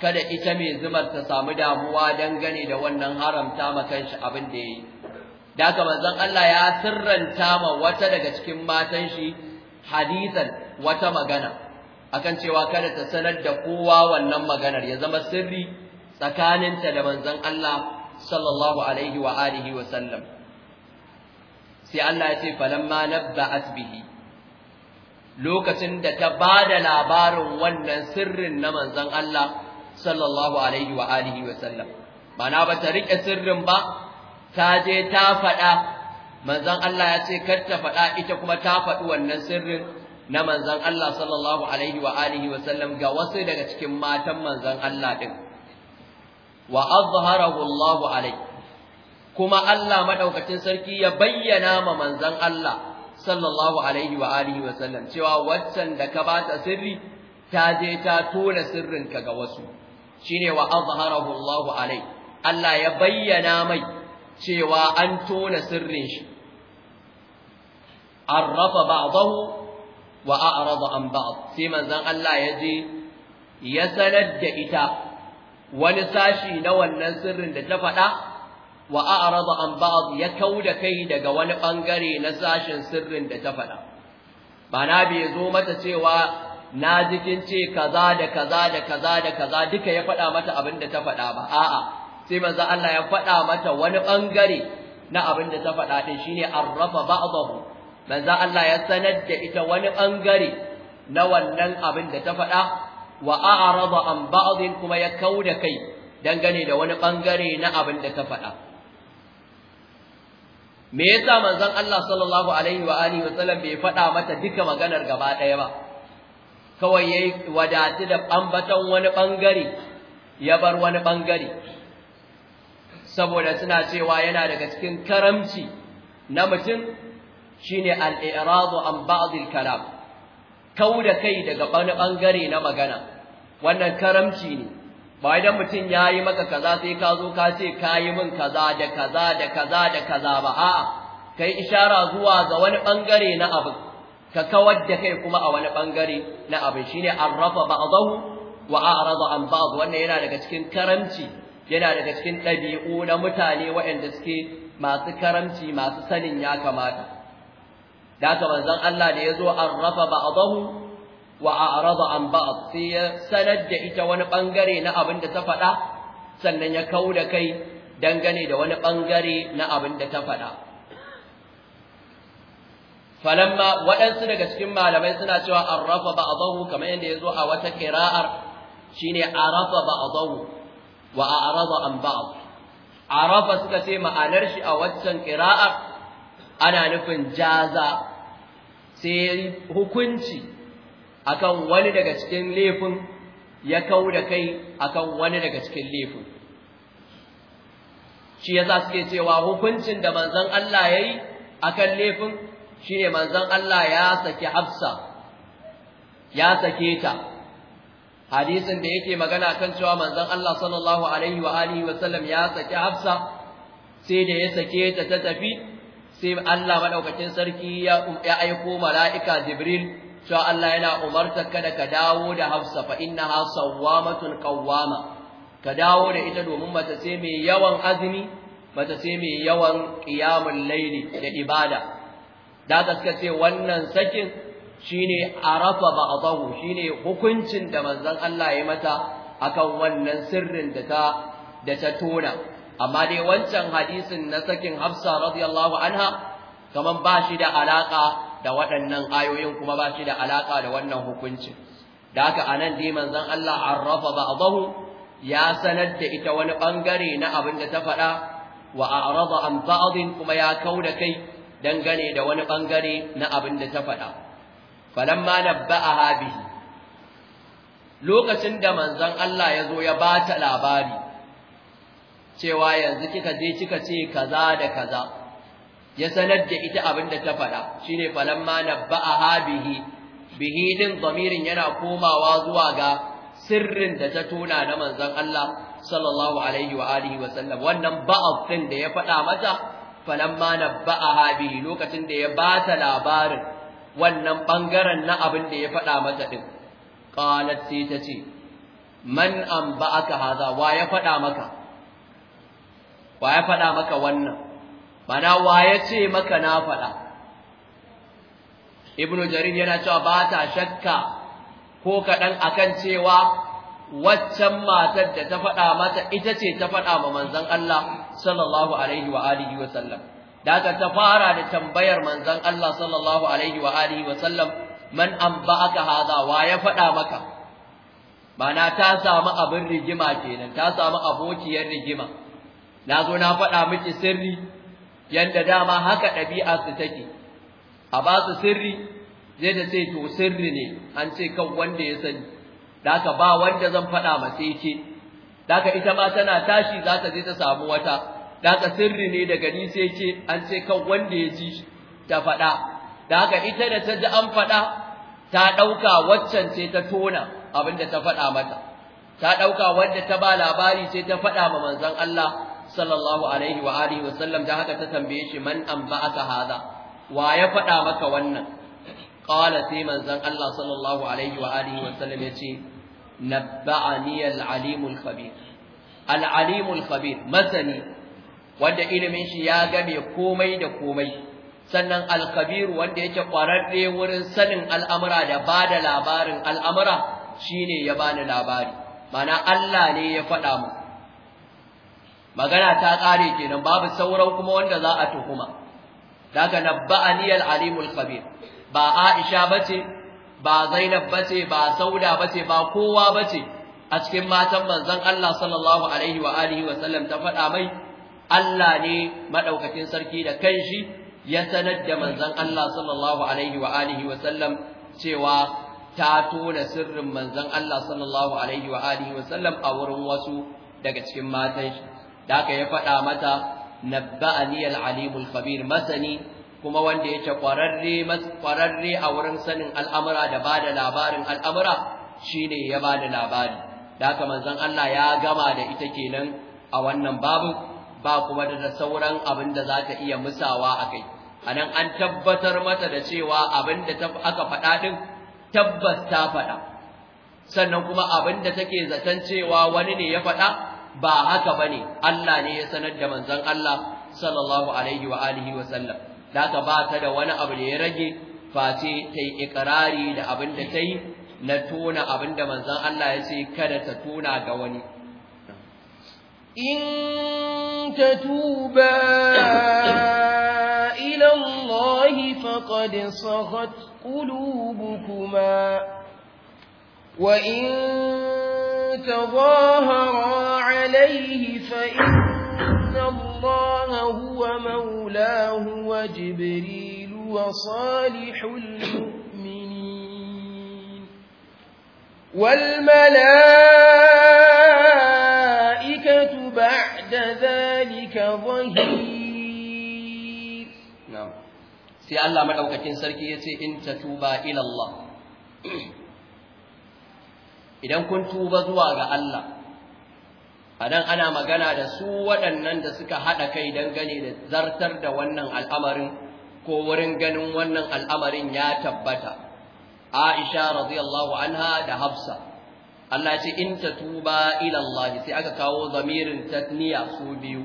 Speaker 1: kada ita mai zumar ta samu damuwa dangane da wannan haramta ma kanshi abin da yayi da manzon Allah ya sirranta ma wata daga cikin matan shi hadithan wata magana akan cewa kada ta sanar da kowa wannan maganar ya zama sirri tsakaninta da manzon Allah sallallahu alaihi wa alihi wa sallam sai Allah ya ce falamma nabba'at bihi lokacin da ta bada labarin wannan sirrin na manzon Allah sallallahu alaihi wa alihi wa sallam mana ba ta rike sirrin ba ta je ta faɗa manzon Allah ya ce kar ta faɗa ita kuma ta faɗi wannan sirrin na manzon Allah sallallahu alaihi wa alihi wa sallam ga wasu daga cikin matan manzon Allah din wa azharahu Allahu alai kuma Allah madaukakin sarki ya bayyana ma manzon Allah sallallahu alaihi wa alihi wa sallam cewa waccan da ka bata sirri ta je ta tona sirrinka ga wasu shine wa azharahu Allahu alai Allah ya bayyana mai cewa an tona sirrin shi arrafa ba'dahu wa a'rada an ba'd sai manzon Allah ya je ya sanar da ita wani sashi na wannan sirrin da ta faɗa wa a'rada an ba'd ya kauda kai daga wani bangare na sashin sirrin da ta faɗa bana bai zo mata cewa na jikin ce kaza da kaza da kaza da kaza duka ya faɗa mata abin da ta faɗa ba a'a sai manzo Allah ya faɗa mata wani bangare na abin da ta faɗa din shine arrafa ba'dahu manzo Allah ya sanar da ita wani bangare na wannan abin da ta faɗa wa a'rada an kuma ya kauda kai dangane da wani bangare na abin da ka faɗa me yasa manzon Allah sallallahu alaihi wa alihi wa sallam bai faɗa mata duka maganar gaba ɗaya ba kawai yayi wadati da ambaton wani bangare ya bar wani bangare saboda suna cewa yana daga cikin karamci na mutum shine al-i'radu an ba'd al-kalam kauda kai daga wani bangare na magana wannan karamci ne ba idan mutum ya yi maka kaza sai ka zo ka ce ka yi min kaza da kaza da kaza da kaza ba a'a ka yi ishara zuwa ga wani ɓangare na abin ka kawar da kai kuma a wani ɓangare na abin shine arrafa ba'dahu wa a'rada an ba'd wannan yana daga cikin karamci yana daga cikin ɗabi'u na mutane waɗanda suke masu karamci masu sanin ya kamata da haka manzon Allah da ya zo arrafa ba'dahu wa a'rada an ba'd sai ya sanar da ita wani bangare na abin da ta faɗa sannan ya kau da kai dangane da wani bangare na abin da ta faɗa falamma waɗansu daga cikin malamai suna cewa arrafa ba'dahu kamar yadda ya zo a wata qira'ar shine arafa ba'dahu wa a'rada an ba'd arafa suka ce ma'anar shi a waccan qira'ar ana nufin jaza sai hukunci akan wani daga cikin laifin ya kau da kai akan wani daga cikin laifin shi yasa suke cewa hukuncin da manzon Allah yayi akan laifin shine manzon Allah ya saki Hafsa ya sake ta hadisin da yake magana kan cewa manzon Allah sallallahu alaihi wa alihi wa sallam ya saki Hafsa sai da ya sake ta ta tafi sai Allah madaukakin sarki ya aiko mala'ika Jibril cewa Allah yana umartar kada ka dawo da Hafsa fa innaha sawwamatun qawwama ka dawo da ita domin mata sai mai yawan azumi mata sai mai yawan qiyamul layli da ibada da gaske ce wannan sakin shine arafa ba'dahu shine hukuncin da manzon Allah ya mata akan wannan sirrin da ta da ta tona amma dai wancan hadisin na sakin Hafsa radiyallahu anha kaman ba shi da alaka da waɗannan ayoyin kuma ba shi da alaƙa da wannan hukuncin da haka anan dai manzon Allah arrafa ba'dahu ya sanar da ita wani bangare na abin da ta faɗa wa a'rada an kuma ya da kai dangane da wani bangare na abin da ta faɗa falamma a bihi lokacin da manzon Allah ya zo ya bata labari cewa yanzu kika je kika ce kaza da kaza ya sanar da ita abin da ta faɗa shine falamma nabba'aha bihi bihi din zamirin yana komawa zuwa ga sirrin da ta tona na manzon Allah sallallahu alaihi wa alihi wa sallam wannan ba'af din da ya faɗa mata falamma nabba'aha bihi lokacin da ya ba ta labarin wannan bangaren na abin da ya faɗa mata din qalat sai ta ce man anba'aka hadha wa ya faɗa maka wa ya faɗa maka wannan Bana wa ya ce maka na faɗa ibnu jarir yana cewa ba ta shakka ko kaɗan akan cewa waccan matar da ta faɗa mata ita ce ta faɗa ma manzon Allah sallallahu alaihi wa alihi wa sallam da ta fara da tambayar manzon Allah sallallahu alaihi wa alihi wa sallam man aka hadha wa ya faɗa maka mana ta samu abin rigima kenan ta samu abokiyar rigima Na zo na faɗa miki sirri yanda dama haka ɗabi'a su take a ba su sirri zai da sai to sirri ne an ce kan wanda ya sani da ka ba wanda zan faɗa masa yake da ka ita ma tana tashi za ta je ta samu wata da ka sirri ne daga ni sai ce an ce kan wanda ya ji ta faɗa da ka ita da ta ji an faɗa ta ɗauka waccan ce ta tona abin da ta faɗa mata ta ɗauka wanda ta ba labari sai ta faɗa ma manzon Allah sallallahu alaihi wa alihi wa sallam da haka ta tambaye shi man aka hada wa ya faɗa maka wannan qala sai manzon Allah sallallahu alaihi wa alihi wa sallam yace nabba'ani al-alim al-khabir al-alim al-khabir masani wanda ilimin shi ya game komai da komai sannan al-khabir wanda yake kwararre wurin sanin al'amura da bada labarin al'amura shine ya bani labari mana Allah ne ya faɗa mun. magana ta ƙare kenan babu sauran kuma wanda za a tuhuma daga nabba'ani al-alimul khabir ba Aisha bace ba Zainab bace ba Sauda bace ba kowa bace a cikin matan manzon Allah sallallahu alaihi wa alihi wa sallam ta faɗa mai Allah ne madaukakin sarki da kanshi ya sanar da manzon Allah sallallahu alaihi wa alihi wa sallam cewa ta tona sirrin manzon Allah sallallahu alaihi wa alihi wa sallam a wurin wasu daga cikin matan shi da aka ya faɗa mata nabba'ani al-alimul khabir masani kuma wanda yake kwararre kwararre a wurin sanin al'amura da ba da labarin al'amura shine ya ba da labari da haka manzon Allah ya gama da ita kenan a wannan babu ba kuma da sauran abin da za ta iya musawa akai anan an tabbatar mata da cewa abin da aka faɗa din tabbas ta faɗa sannan kuma abin da take zaton cewa wani ne ya faɗa ba haka bane Allah ne ya sanar da manzon Allah sallallahu alaihi wa alihi wa sallam da ka ba ta da wani abu da ya rage face ta yi ikrari da abin da ta yi na tona abin da manzon Allah ya ce kada ta tona ga wani
Speaker 2: in tuba ila Allah faqad saghat qulubukuma wa in تظاهرا عليه فإن الله هو مولاه وجبريل وصالح المؤمنين والملائكة بعد ذلك ظهير
Speaker 1: نعم سي الله مدوكتين سركي إن تتوبا إلى الله idan kun tuba zuwa ga Allah anan ana magana da su waɗannan da suka haɗa kai dangane da zartar da wannan al'amarin ko wurin ganin wannan al'amarin ya tabbata Aisha radiyallahu anha da Hafsa Allah ce in ta tuba Allah sai aka kawo zamirin tatniya su biyu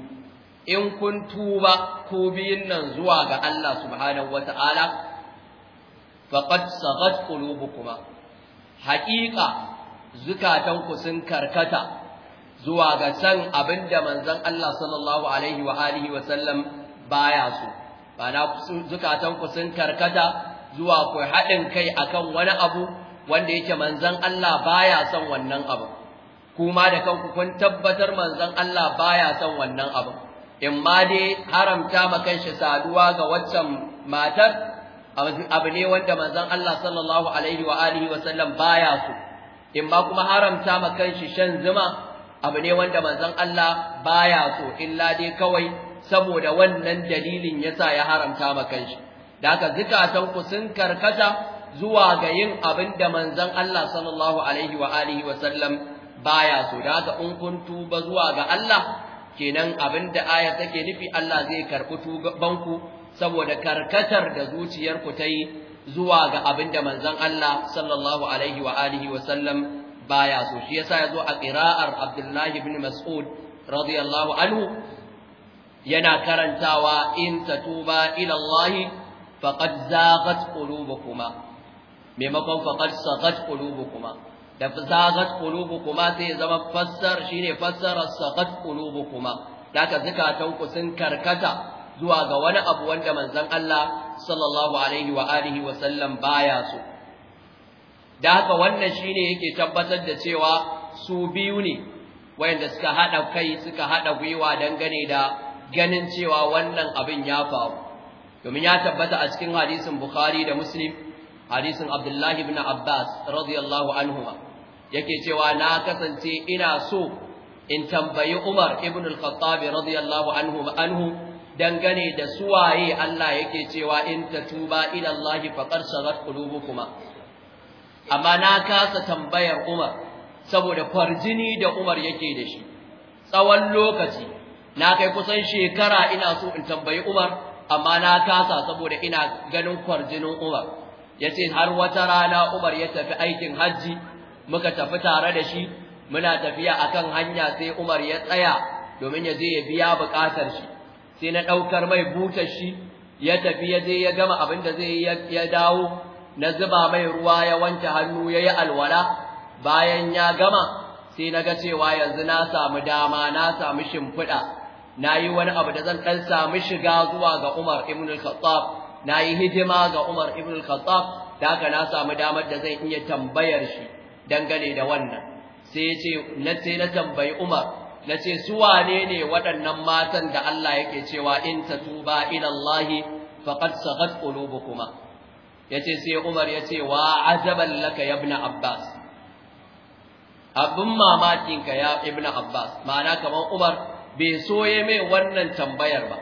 Speaker 1: in kun tuba ku biyun nan zuwa ga Allah subhanahu wata'ala faqad sagat qulubukuma haqiqa zukatanku sun karkata zuwa ga san abin da manzon Allah sallallahu alaihi wa alihi wa sallam baya so bana zukatanku sun karkata zuwa ku haɗin kai akan wani abu wanda yake manzon Allah baya son wannan abu kuma da kanku kun tabbatar manzon Allah baya son wannan abu in ma dai haramta ma kanshi saduwa ga waccan matar abu ne wanda manzon Allah sallallahu alaihi wa alihi wa sallam baya so in ba kuma haramta ma kanshi shan zuma abu ne wanda manzon Allah baya so illa dai kawai saboda wannan dalilin yasa ya haramta ma kanshi da haka zukatan ku sun karkata zuwa ga yin abin da manzon Allah sallallahu alaihi wa alihi wa sallam baya so da haka in kun tuba zuwa ga Allah kenan abin da aya take nufi Allah zai karɓi ku saboda karkatar da zuciyarku ta yi zuwa ga abin da manzon Allah sallallahu alaihi wa alihi wa sallam baya so shi yasa yazo a qira'ar Abdullahi ibn Mas'ud radiyallahu anhu yana karantawa in tatuba ila Allah faqad zaghat qulubukuma maimakon faqad saghat qulubukuma da zaghat qulubukuma sai zama fassar shine fassara saghat qulubukuma daga zakatanku sun karkata zuwa ga wani abu wanda manzon Allah sallallahu alaihi wa alihi wa sallam baya so da haka wannan shine yake tabbatar da cewa su biyu ne wayanda suka hada kai suka hada gwiwa dangane da ganin cewa wannan abin ya faru domin ya tabbata a cikin hadisin bukhari da muslim hadisin abdullahi ibn abbas radiyallahu anhuma yake cewa na kasance ina so in tambayi umar ibn al-khattab radiyallahu anhu anhu dangane da suwaye Allah yake cewa in ta tuba ila Allah faqad sagat qulubukuma amma na kasa tambayar Umar saboda farjini da Umar yake da shi tsawon lokaci na kai kusan shekara ina so in tambayi Umar amma na kasa saboda ina ganin farjinin Umar yace har wata rana Umar ya tafi aikin haji muka tafi tare da shi muna tafiya akan hanya sai Umar ya tsaya domin ya je ya biya bukatar shi sai na ɗaukar mai butar shi ya tafi ya je ya gama abin da zai ya dawo na zuba mai ruwa ya wanke hannu ya yi alwala bayan ya gama sai na ga cewa yanzu na samu dama na samu shimfiɗa na yi wani abu da zan ɗan samu shiga zuwa ga Umar ibn al-Khattab na yi hidima ga Umar ibn al-Khattab da haka na samu damar da zan iya tambayar shi dangane da wannan sai ya ce sai na tambayi Umar na ce su wane ne waɗannan matan da Allah yake cewa in ta tuba ilallahi faqad sagat qulubukuma yace sai Umar yace wa ajaban laka ya ibn Abbas abin mamakin ka ya ibn Abbas ma'ana kamar Umar bai soye mai wannan tambayar ba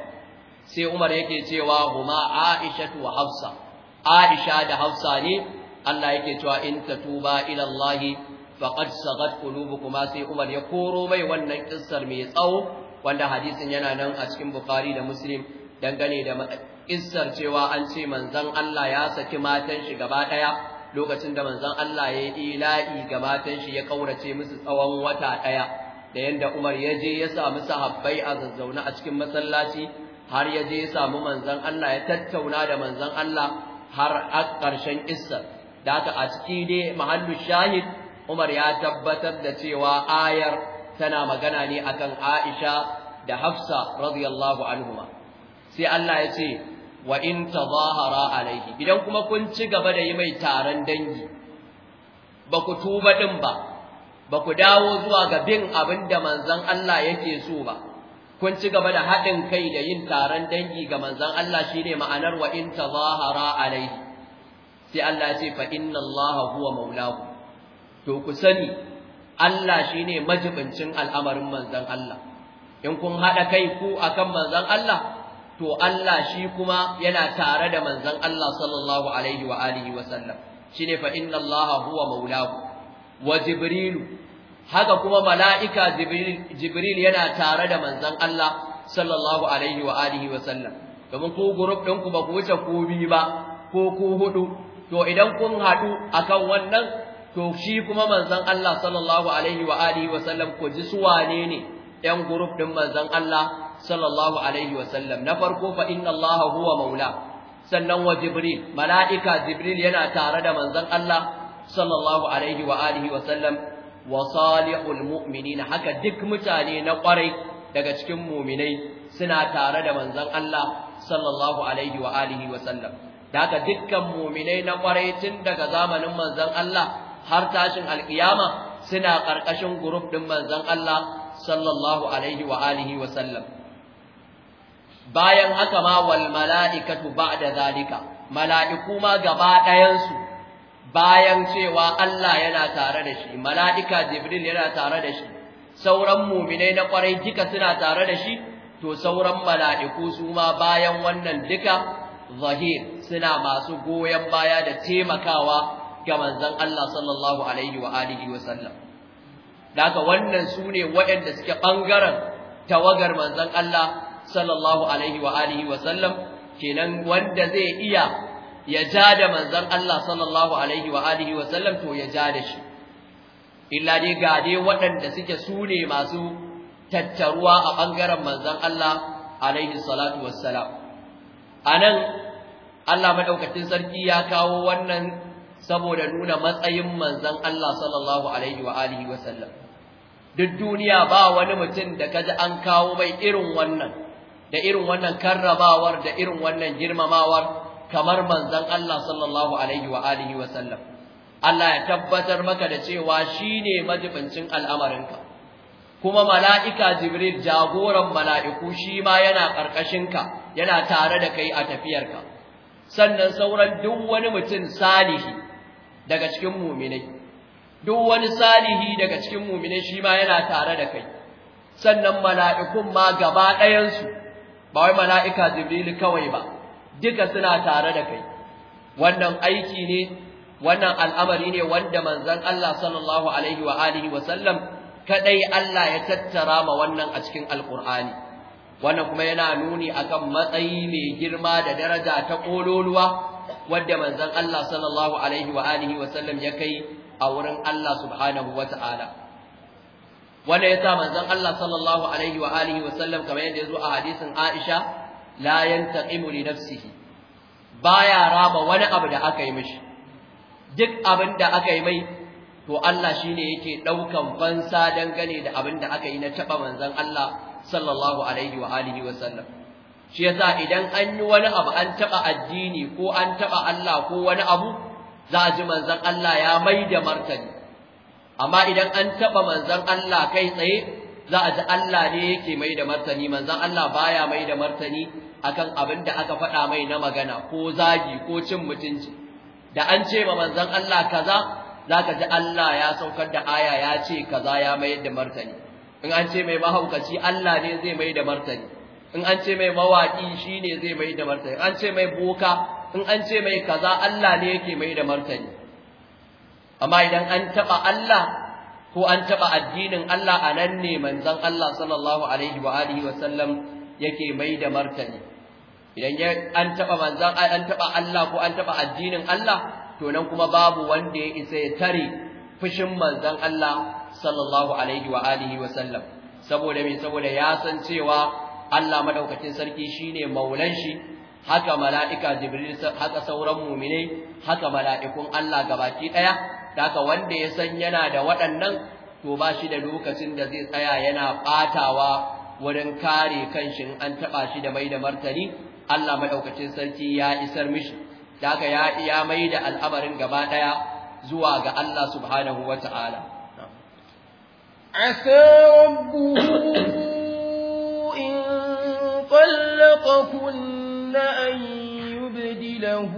Speaker 1: sai Umar yake cewa huma Aisha wa Hafsa Aisha da Hafsa ne Allah yake cewa in ta tuba ilallahi faqad sagat qulubukuma sai Umar ya koro mai wannan kissar mai tsawo wanda hadisin yana nan a cikin Bukhari da Muslim dangane da kissar cewa an ce manzon Allah ya saki matan shi gaba daya lokacin da manzon Allah ya yi ila'i ga matan shi ya kaurace musu tsawon wata daya da yanda Umar ya je ya samu sahabbai a zazzauna a cikin masallaci har ya je ya samu manzon Allah ya tattauna da manzon Allah har a ƙarshen kissar da ta a ciki dai mahallu shahid Umar ya tabbatar da cewa ayar tana magana ne akan Aisha da Hafsa radiyallahu anhuma sai Allah ya ce wa in tazahara alaihi idan kuma kun ci gaba da yi mai taron dangi ba ku tuba ɗin ba ba ku dawo zuwa ga bin abin da manzon Allah yake so ba kun ci gaba da haɗin kai da yin taron dangi ga manzon Allah shine ma'anar wa in tazahara alaihi sai Allah ya ce fa inna Allah huwa maulahu to ku sani Allah shine majibincin al'amarin manzon Allah in kun haɗa kai ku akan manzon Allah to Allah shi kuma yana tare da manzon Allah sallallahu alaihi wa alihi wa sallam shine fa inna Allah huwa maulahu wa jibrilu haka kuma mala'ika jibril jibril yana tare da manzon Allah sallallahu alaihi wa alihi wa sallam domin ku group ɗinku ba ku wuce ko biyu ba ko ku hudu to idan kun haɗu akan wannan to shi kuma manzon Allah sallallahu alaihi wa alihi wa sallam ko ji su wane ne ɗan group din manzon Allah sallallahu alaihi wa sallam na farko fa inna Allah huwa maula sannan wa jibril malaika jibril yana tare da manzon Allah sallallahu alaihi wa alihi wa sallam wa salihul mu'minin haka duk mutane na kwarai daga cikin mu'minai suna tare da manzon Allah sallallahu alaihi wa alihi wa sallam da haka dukkan mu'minai na kwarai tun daga zamanin manzon Allah har tashin alkiyama suna ƙarƙashin group ɗin manzon Allah sallallahu alaihi wa alihi wa sallam bayan haka ma wal mala'ikatu ba'da zalika mala'iku ma gaba ɗayan su bayan cewa Allah yana tare da shi mala'ika jibril yana tare da shi sauran mu'minai na kwarai duka suna tare da shi to sauran mala'iku su ma bayan wannan duka zahir suna masu goyon baya da taimakawa ga manzon Allah sallallahu alaihi wa alihi wa sallam daga wannan sune waɗanda suke bangaren tawagar manzon Allah sallallahu alaihi wa alihi wa sallam kenan wanda zai iya ya ja da manzon Allah sallallahu alaihi wa alihi wa sallam to ya ja da shi illa dai ga dai waɗanda suke sune masu tattaruwa a bangaren manzon Allah alaihi salatu wassalam anan Allah madaukakin sarki ya kawo wannan saboda nuna matsayin manzon Allah sallallahu alaihi wa alihi wa sallam duk duniya ba wani mutum da kaji an kawo mai irin wannan da irin wannan karrabawar da irin wannan girmamawar kamar manzon Allah sallallahu alaihi wa alihi wa sallam Allah ya tabbatar maka da cewa shi shine majibincin al'amarinka kuma mala'ika Jibril jagoran mala'iku shi ma yana ƙarƙashinka yana tare da kai a tafiyarka sannan sauran duk wani mutum salihi daga cikin muminai duk wani salihi daga cikin muminai shi ma yana tare da kai sannan mala'ikun ma gaba ɗayansu ba wai mala'ika jibrilu kawai ba duka suna tare da kai wannan aiki ne wannan al'amari ne wanda manzon Allah sallallahu alaihi wa alihi wa sallam Allah ya tattara ma wannan a cikin Alƙur'ani. wannan kuma yana nuni akan matsayi mai girma da daraja ta kololuwa wadda manzon Allah sallallahu alaihi wa alihi wa sallam ya kai a wurin Allah subhanahu wa ta'ala wanda yasa manzon Allah sallallahu alaihi wa alihi wa sallam kamar yadda yazo a hadisin Aisha la yantaqimu li nafsihi baya raba wani abu da aka yi mishi duk abin da aka yi mai to Allah shine yake daukan fansa dangane da abin da aka yi na taba manzon Allah sallallahu alaihi wa alihi wa sallam shi yasa idan an yi wani abu an taba addini ko an taba Allah ko wani abu za a ji manzon Allah ya mai da martani amma idan an taba manzon Allah kai tsaye za a ji Allah ne yake mai da martani manzon Allah baya mai da martani akan abin da aka faɗa mai na magana ko zagi ko cin mutunci da an ce ma manzon Allah kaza zaka ji Allah ya saukar da aya ya ce kaza ya mayar da martani in an ce mai mahaukaci Allah ne zai mai da martani in an ce mai mawaki ne zai mai da martani an ce mai boka in an ce mai kaza Allah ne yake mai da martani amma idan an taba Allah ko an taba addinin Allah a nan ne manzon Allah sallallahu alaihi wa alihi wa sallam yake mai da martani idan an taba manzon an taba Allah ko an taba addinin Allah to nan kuma babu wanda ya isa ya tare fushin manzon Allah sallallahu alaihi wa alihi wa sallam saboda me saboda ya san cewa Allah madaukakin sarki shine maulan shi haka mala'ika jibril haka sauran mu'mine haka mala'ikun Allah gabaki daya haka wanda ya san yana da waɗannan to ba shi da lokacin da zai tsaya yana batawa wurin kare kanshin an taba shi da mai da martani Allah madaukakin sarki ya isar mishi daga ya ya mai da al'amarin gaba daya zuwa ga Allah subhanahu wataala
Speaker 2: عسى ربه إن طلقكن أن يبدله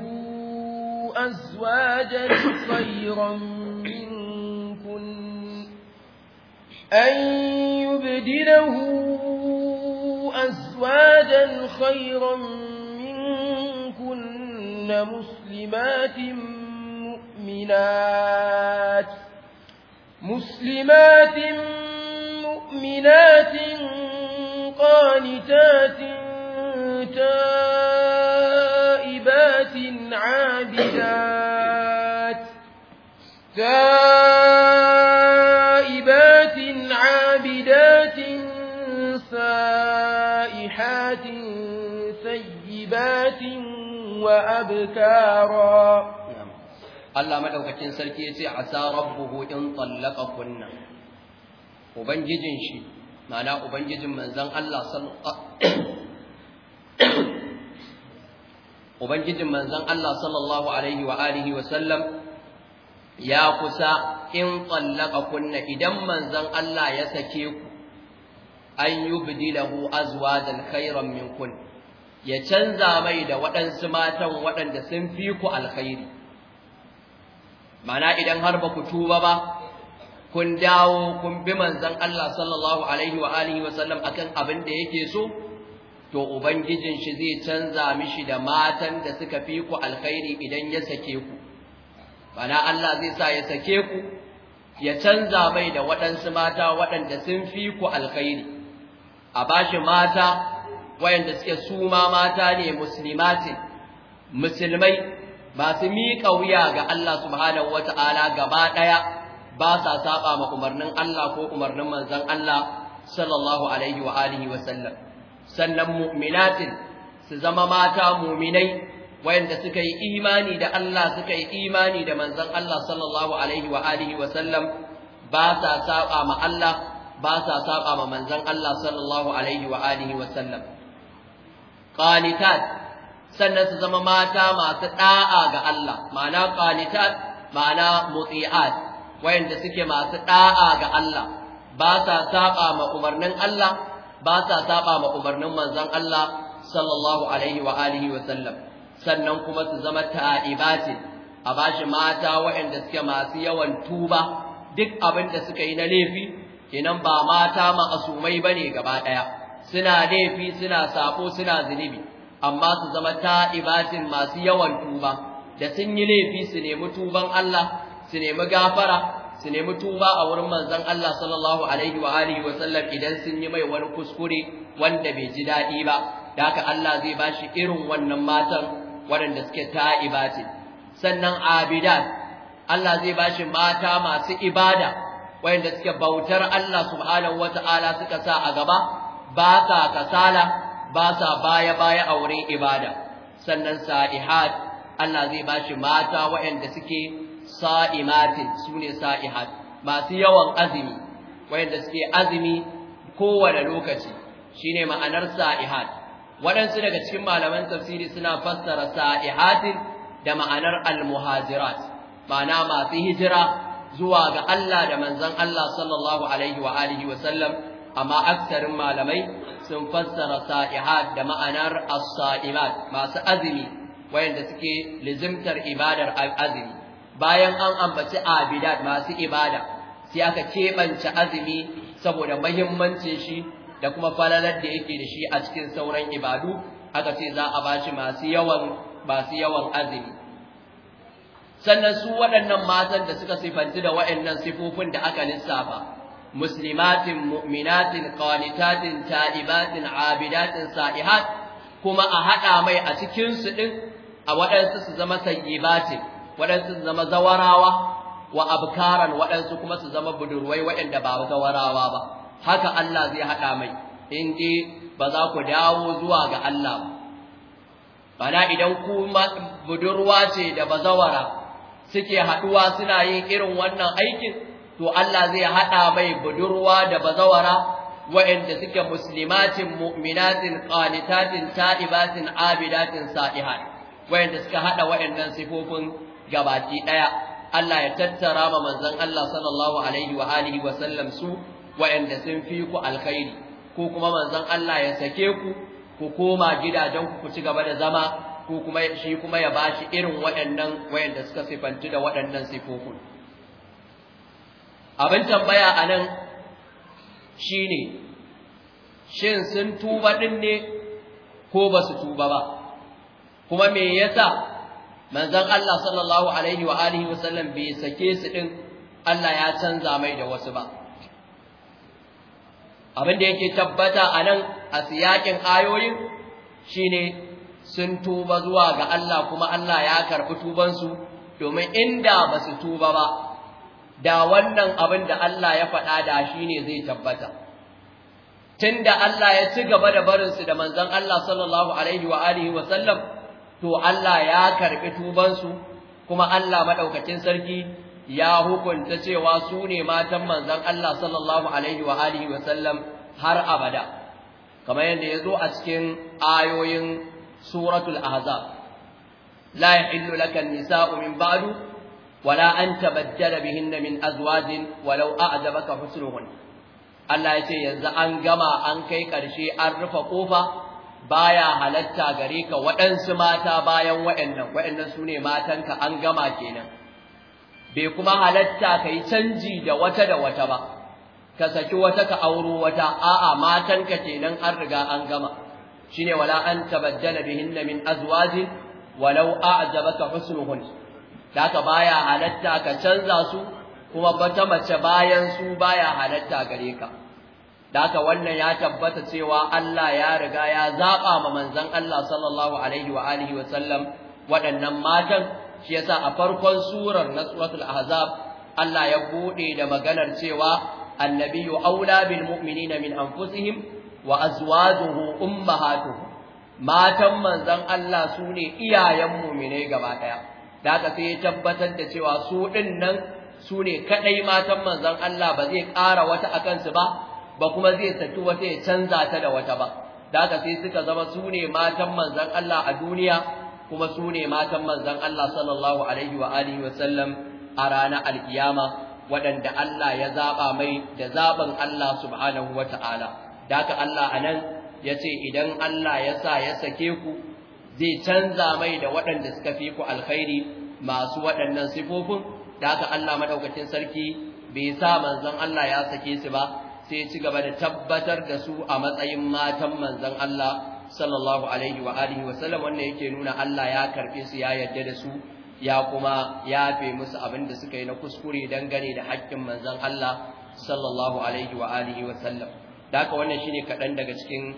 Speaker 2: أزواجا خيرا منكن أن يبدله أزواجا خيرا منكن مسلمات مؤمنات مسلمات مؤمنات قانتات تائبات عابدات تائبات عابدات سائحات سيبات وأبكارا Allah madaukakin
Speaker 1: sarki ya yace asa rabbuhu in tsallaka kunna ubangijin shi ma'ana ubangijin manzan Allah ubangijin manzon Allah sallallahu alaihi wa alihi wa sallam ya kusa in tsallaka kunna idan manzan Allah ya sake ku an yi yubdilahu azwajan khairan minkun ya canza mai da waɗansu matan waɗanda sun fi ku alkhairi mana idan har ba ku tuba ba kun dawo kun bi manzon Allah sallallahu alaihi wa alihi wa sallam akan abin da yake so to ubangijin shi zai canza mishi da matan da suka fi ku alkhairi idan ya sake ku mana Allah zai sa ya sake ku ya canza mai da waɗansu mata waɗanda sun fi ku alkhairi a bashi mata wayanda suke suma mata ne musulmai masu miƙa wuya ga Allah subhanahu Ta'ala gaba ɗaya ba sa saba ma umarnin Allah ko umarnin manzan Allah sallallahu alaihi wa alihi wa sallam sannan mu'minatin su zama mata mu'minai wayanda suka yi imani da Allah suka yi imani da manzan Allah sallallahu alaihi wa alihi wa sallam ba sa saba ma Allah ba sa saba ma manzon Allah sallallahu alaihi wa alihi wa sallam qanitat sannan su zama mata masu ɗa'a ga Allah ma'ana qanitat ma'ana muti'at wayanda suke masu ɗa'a ga Allah ba sa saba ma umarnin Allah ba sa saba ma umarnin manzon Allah sallallahu alaihi wa alihi wa sallam sannan kuma su zama ta'ibati a bashi mata wayanda suke masu yawan tuba duk abin da suka yi na laifi kenan ba mata ma ma'asumai bane gaba ɗaya, suna laifi suna sako suna zunubi amma su zama ta'ibatin masu yawan tuba da sun yi laifi su nemi tuban Allah su nemi gafara su nemi tuba a wurin manzon Allah sallallahu alaihi wa alihi wa sallam idan sun yi mai wani kuskure wanda bai ji daɗi ba da haka Allah zai ba shi irin wannan matan waɗanda suke ta'ibatin sannan abidan Allah zai ba shi mata masu ibada waɗanda suke bautar Allah subhanahu wata'ala suka sa a gaba ba ka kasala ba sa baya baya a wurin ibada sannan sa'ihat Allah zai ba bashi mata waɗanda suke sa'imatin ne sa'ihat masu yawan azumi waɗanda suke azumi kowane lokaci shine ma'anar sa'ihat waɗansu daga cikin malaman tafsiri suna fassara sa'ihatin da ma'anar almuhajirat ma'ana masu hijira zuwa ga Allah da manzon Allah sallallahu alaihi wa alihi wa sallam amma aksarin malamai sun fassara sa'ihat da ma'anar as-sa'imat masu azumi wayanda suke lizimtar ibadar azumi bayan an ambaci abidat masu ibada sai aka keɓance azumi saboda mahimmancin shi da kuma falalar da yake da shi a cikin sauran ibadu aka ce za a bashi masu yawan masu yawan azumi sannan su waɗannan matan da suka sifanci da waɗannan sifofin da aka lissafa muslimatin mu'minatin qanitatin ta'ibatin abidatin sa'ihat kuma a haɗa mai a cikinsu ɗin, din a waɗansu su zama sayyibatin waɗansu su zama zawarawa wa abkaran waɗansu kuma su zama budurwai waɗanda ba zawarawa ba haka Allah zai hada mai in ba za ku dawo zuwa ga Allah bana idan kuma budurwa ce da bazawara suke haduwa suna yin irin wannan aikin to Allah zai haɗa mai budurwa da bazawara wa'anda suke muslimatin mu'minatin qanitatin ta'ibatin abidatin sa'ihat wa'anda suka haɗa wa'annan sifofin gabati ɗaya Allah ya tattara ma manzon Allah sallallahu alaihi wa alihi wa sallam su wa'anda sun fi ku alkhairi ko kuma manzon Allah ya sake ku ku koma gidajen ku ci gaba da zama ko kuma shi kuma ya bashi irin waɗannan wa'anda suka sifantu da waɗannan sifofin abin tambaya a nan shi ne shin sun tuba ɗin ne ko ba su tuba ba kuma me yasa manzon Allah sallallahu alaihi wa alihi wasallam bai sake su ɗin Allah ya canza mai da wasu ba abin da yake tabbata a nan a siyakin ayoyin shi ne sun tuba zuwa ga Allah kuma Allah ya karɓi tubansu domin inda ba su tuba ba da wannan abin da Allah ya faɗa da shi ne zai tabbata. Tunda Allah ya ci gaba da barinsu da manzan Allah sallallahu Alaihi wa alihi wasallam, to Allah ya karɓi tubansu, kuma Allah maɗaukacin sarki ya hukunta cewa su ne matan manzan Allah sallallahu Alaihi wa alihi wasallam har abada. Kamar yadda ya zo a cikin ayoyin suratul Ahzab. La yahillu lakan nisa'u min ba'du wala an tabaddala bihinna min azwajin walau a'jabaka husnuhun Allah ya ce yanzu an gama an kai ƙarshe an rufe ƙofa baya halatta gare ka waɗansu mata bayan waɗannan waɗannan su ne matanka an gama kenan bai kuma halatta ka yi canji da wata da wata ba ka saki wata ka auro wata a'a matanka kenan an riga an gama shine wala an tabaddala bihinna min azwajin walau a'jabaka husnuhun da haka baya halatta ka canza su kuma bata mace bayan su baya halatta gare ka da haka wannan ya tabbata cewa Allah ya riga ya zaba ma manzon Allah sallallahu alaihi wa alihi wa sallam waɗannan matan shi yasa a farkon surar na suratul ahzab Allah ya bude da maganar cewa annabiyyu aula bil mu'minina min anfusihim wa azwajuhu ummahatuhum matan manzon Allah sune iyayen mu'mine gaba daya da sai ya tabbatar da cewa su ɗin nan su ne kaɗai matan manzon Allah ba zai ƙara wata a kansu ba ba kuma zai saki wata ya canza ta da wata ba da sai suka zama su ne matan manzan Allah a duniya kuma su ne matan manzan Allah sallallahu alaihi wa alihi wa sallam a ranar alkiyama waɗanda Allah ya zaɓa mai da zaɓin Allah subhanahu wa ta'ala da Allah a nan ya ce idan Allah ya sa ya sake ku zai canza mai da waɗanda suka fi ku alkhairi masu waɗannan sifofin da aka Allah madaukakin sarki bai sa manzon Allah ya sake su ba sai ci gaba da tabbatar da su a matsayin matan manzon Allah sallallahu alaihi wa alihi wa sallam wannan yake nuna Allah ya karbe su ya yarda da su ya kuma yafe musu abin da suka yi na kuskure dangane da haƙƙin manzon Allah sallallahu alaihi wa alihi wa sallam da wannan shine kaɗan daga cikin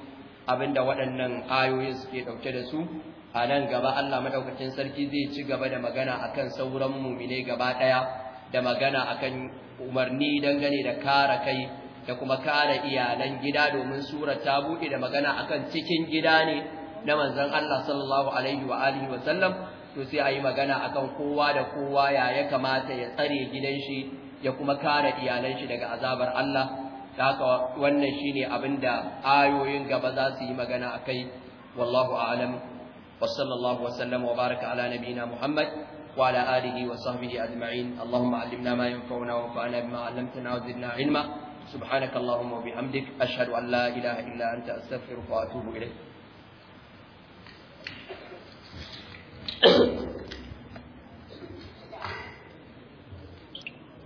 Speaker 1: abinda waɗannan ayoyin suke ɗauke da su a nan gaba Allah Maɗaukacin sarki zai ci gaba da magana akan sauran mumine gaba ɗaya da magana akan umarni dangane da kare kai da kuma kare iyalan gida domin surata, ta buɗe da magana akan cikin gida ne na manzon Allah sallallahu alaihi wa alihi wa sallam to sai a yi magana akan kowa da kowa ya ya kamata ya tsare gidan shi ya kuma kare iyalan shi daga azabar Allah haka wannan ne abinda ayoyin gaba za su yi magana akai wallahu a'lam wa sallallahu wa sallama wa baraka ala nabiyyina muhammad wa ala alihi wa sahbihi ajma'in allahumma allimna ma yanfa'una wa fa'alna bima 'allamtana wa zidna 'ilma subhanaka allahumma wa bihamdik ashhadu an la ilaha illa anta astaghfiruka wa atubu ilayk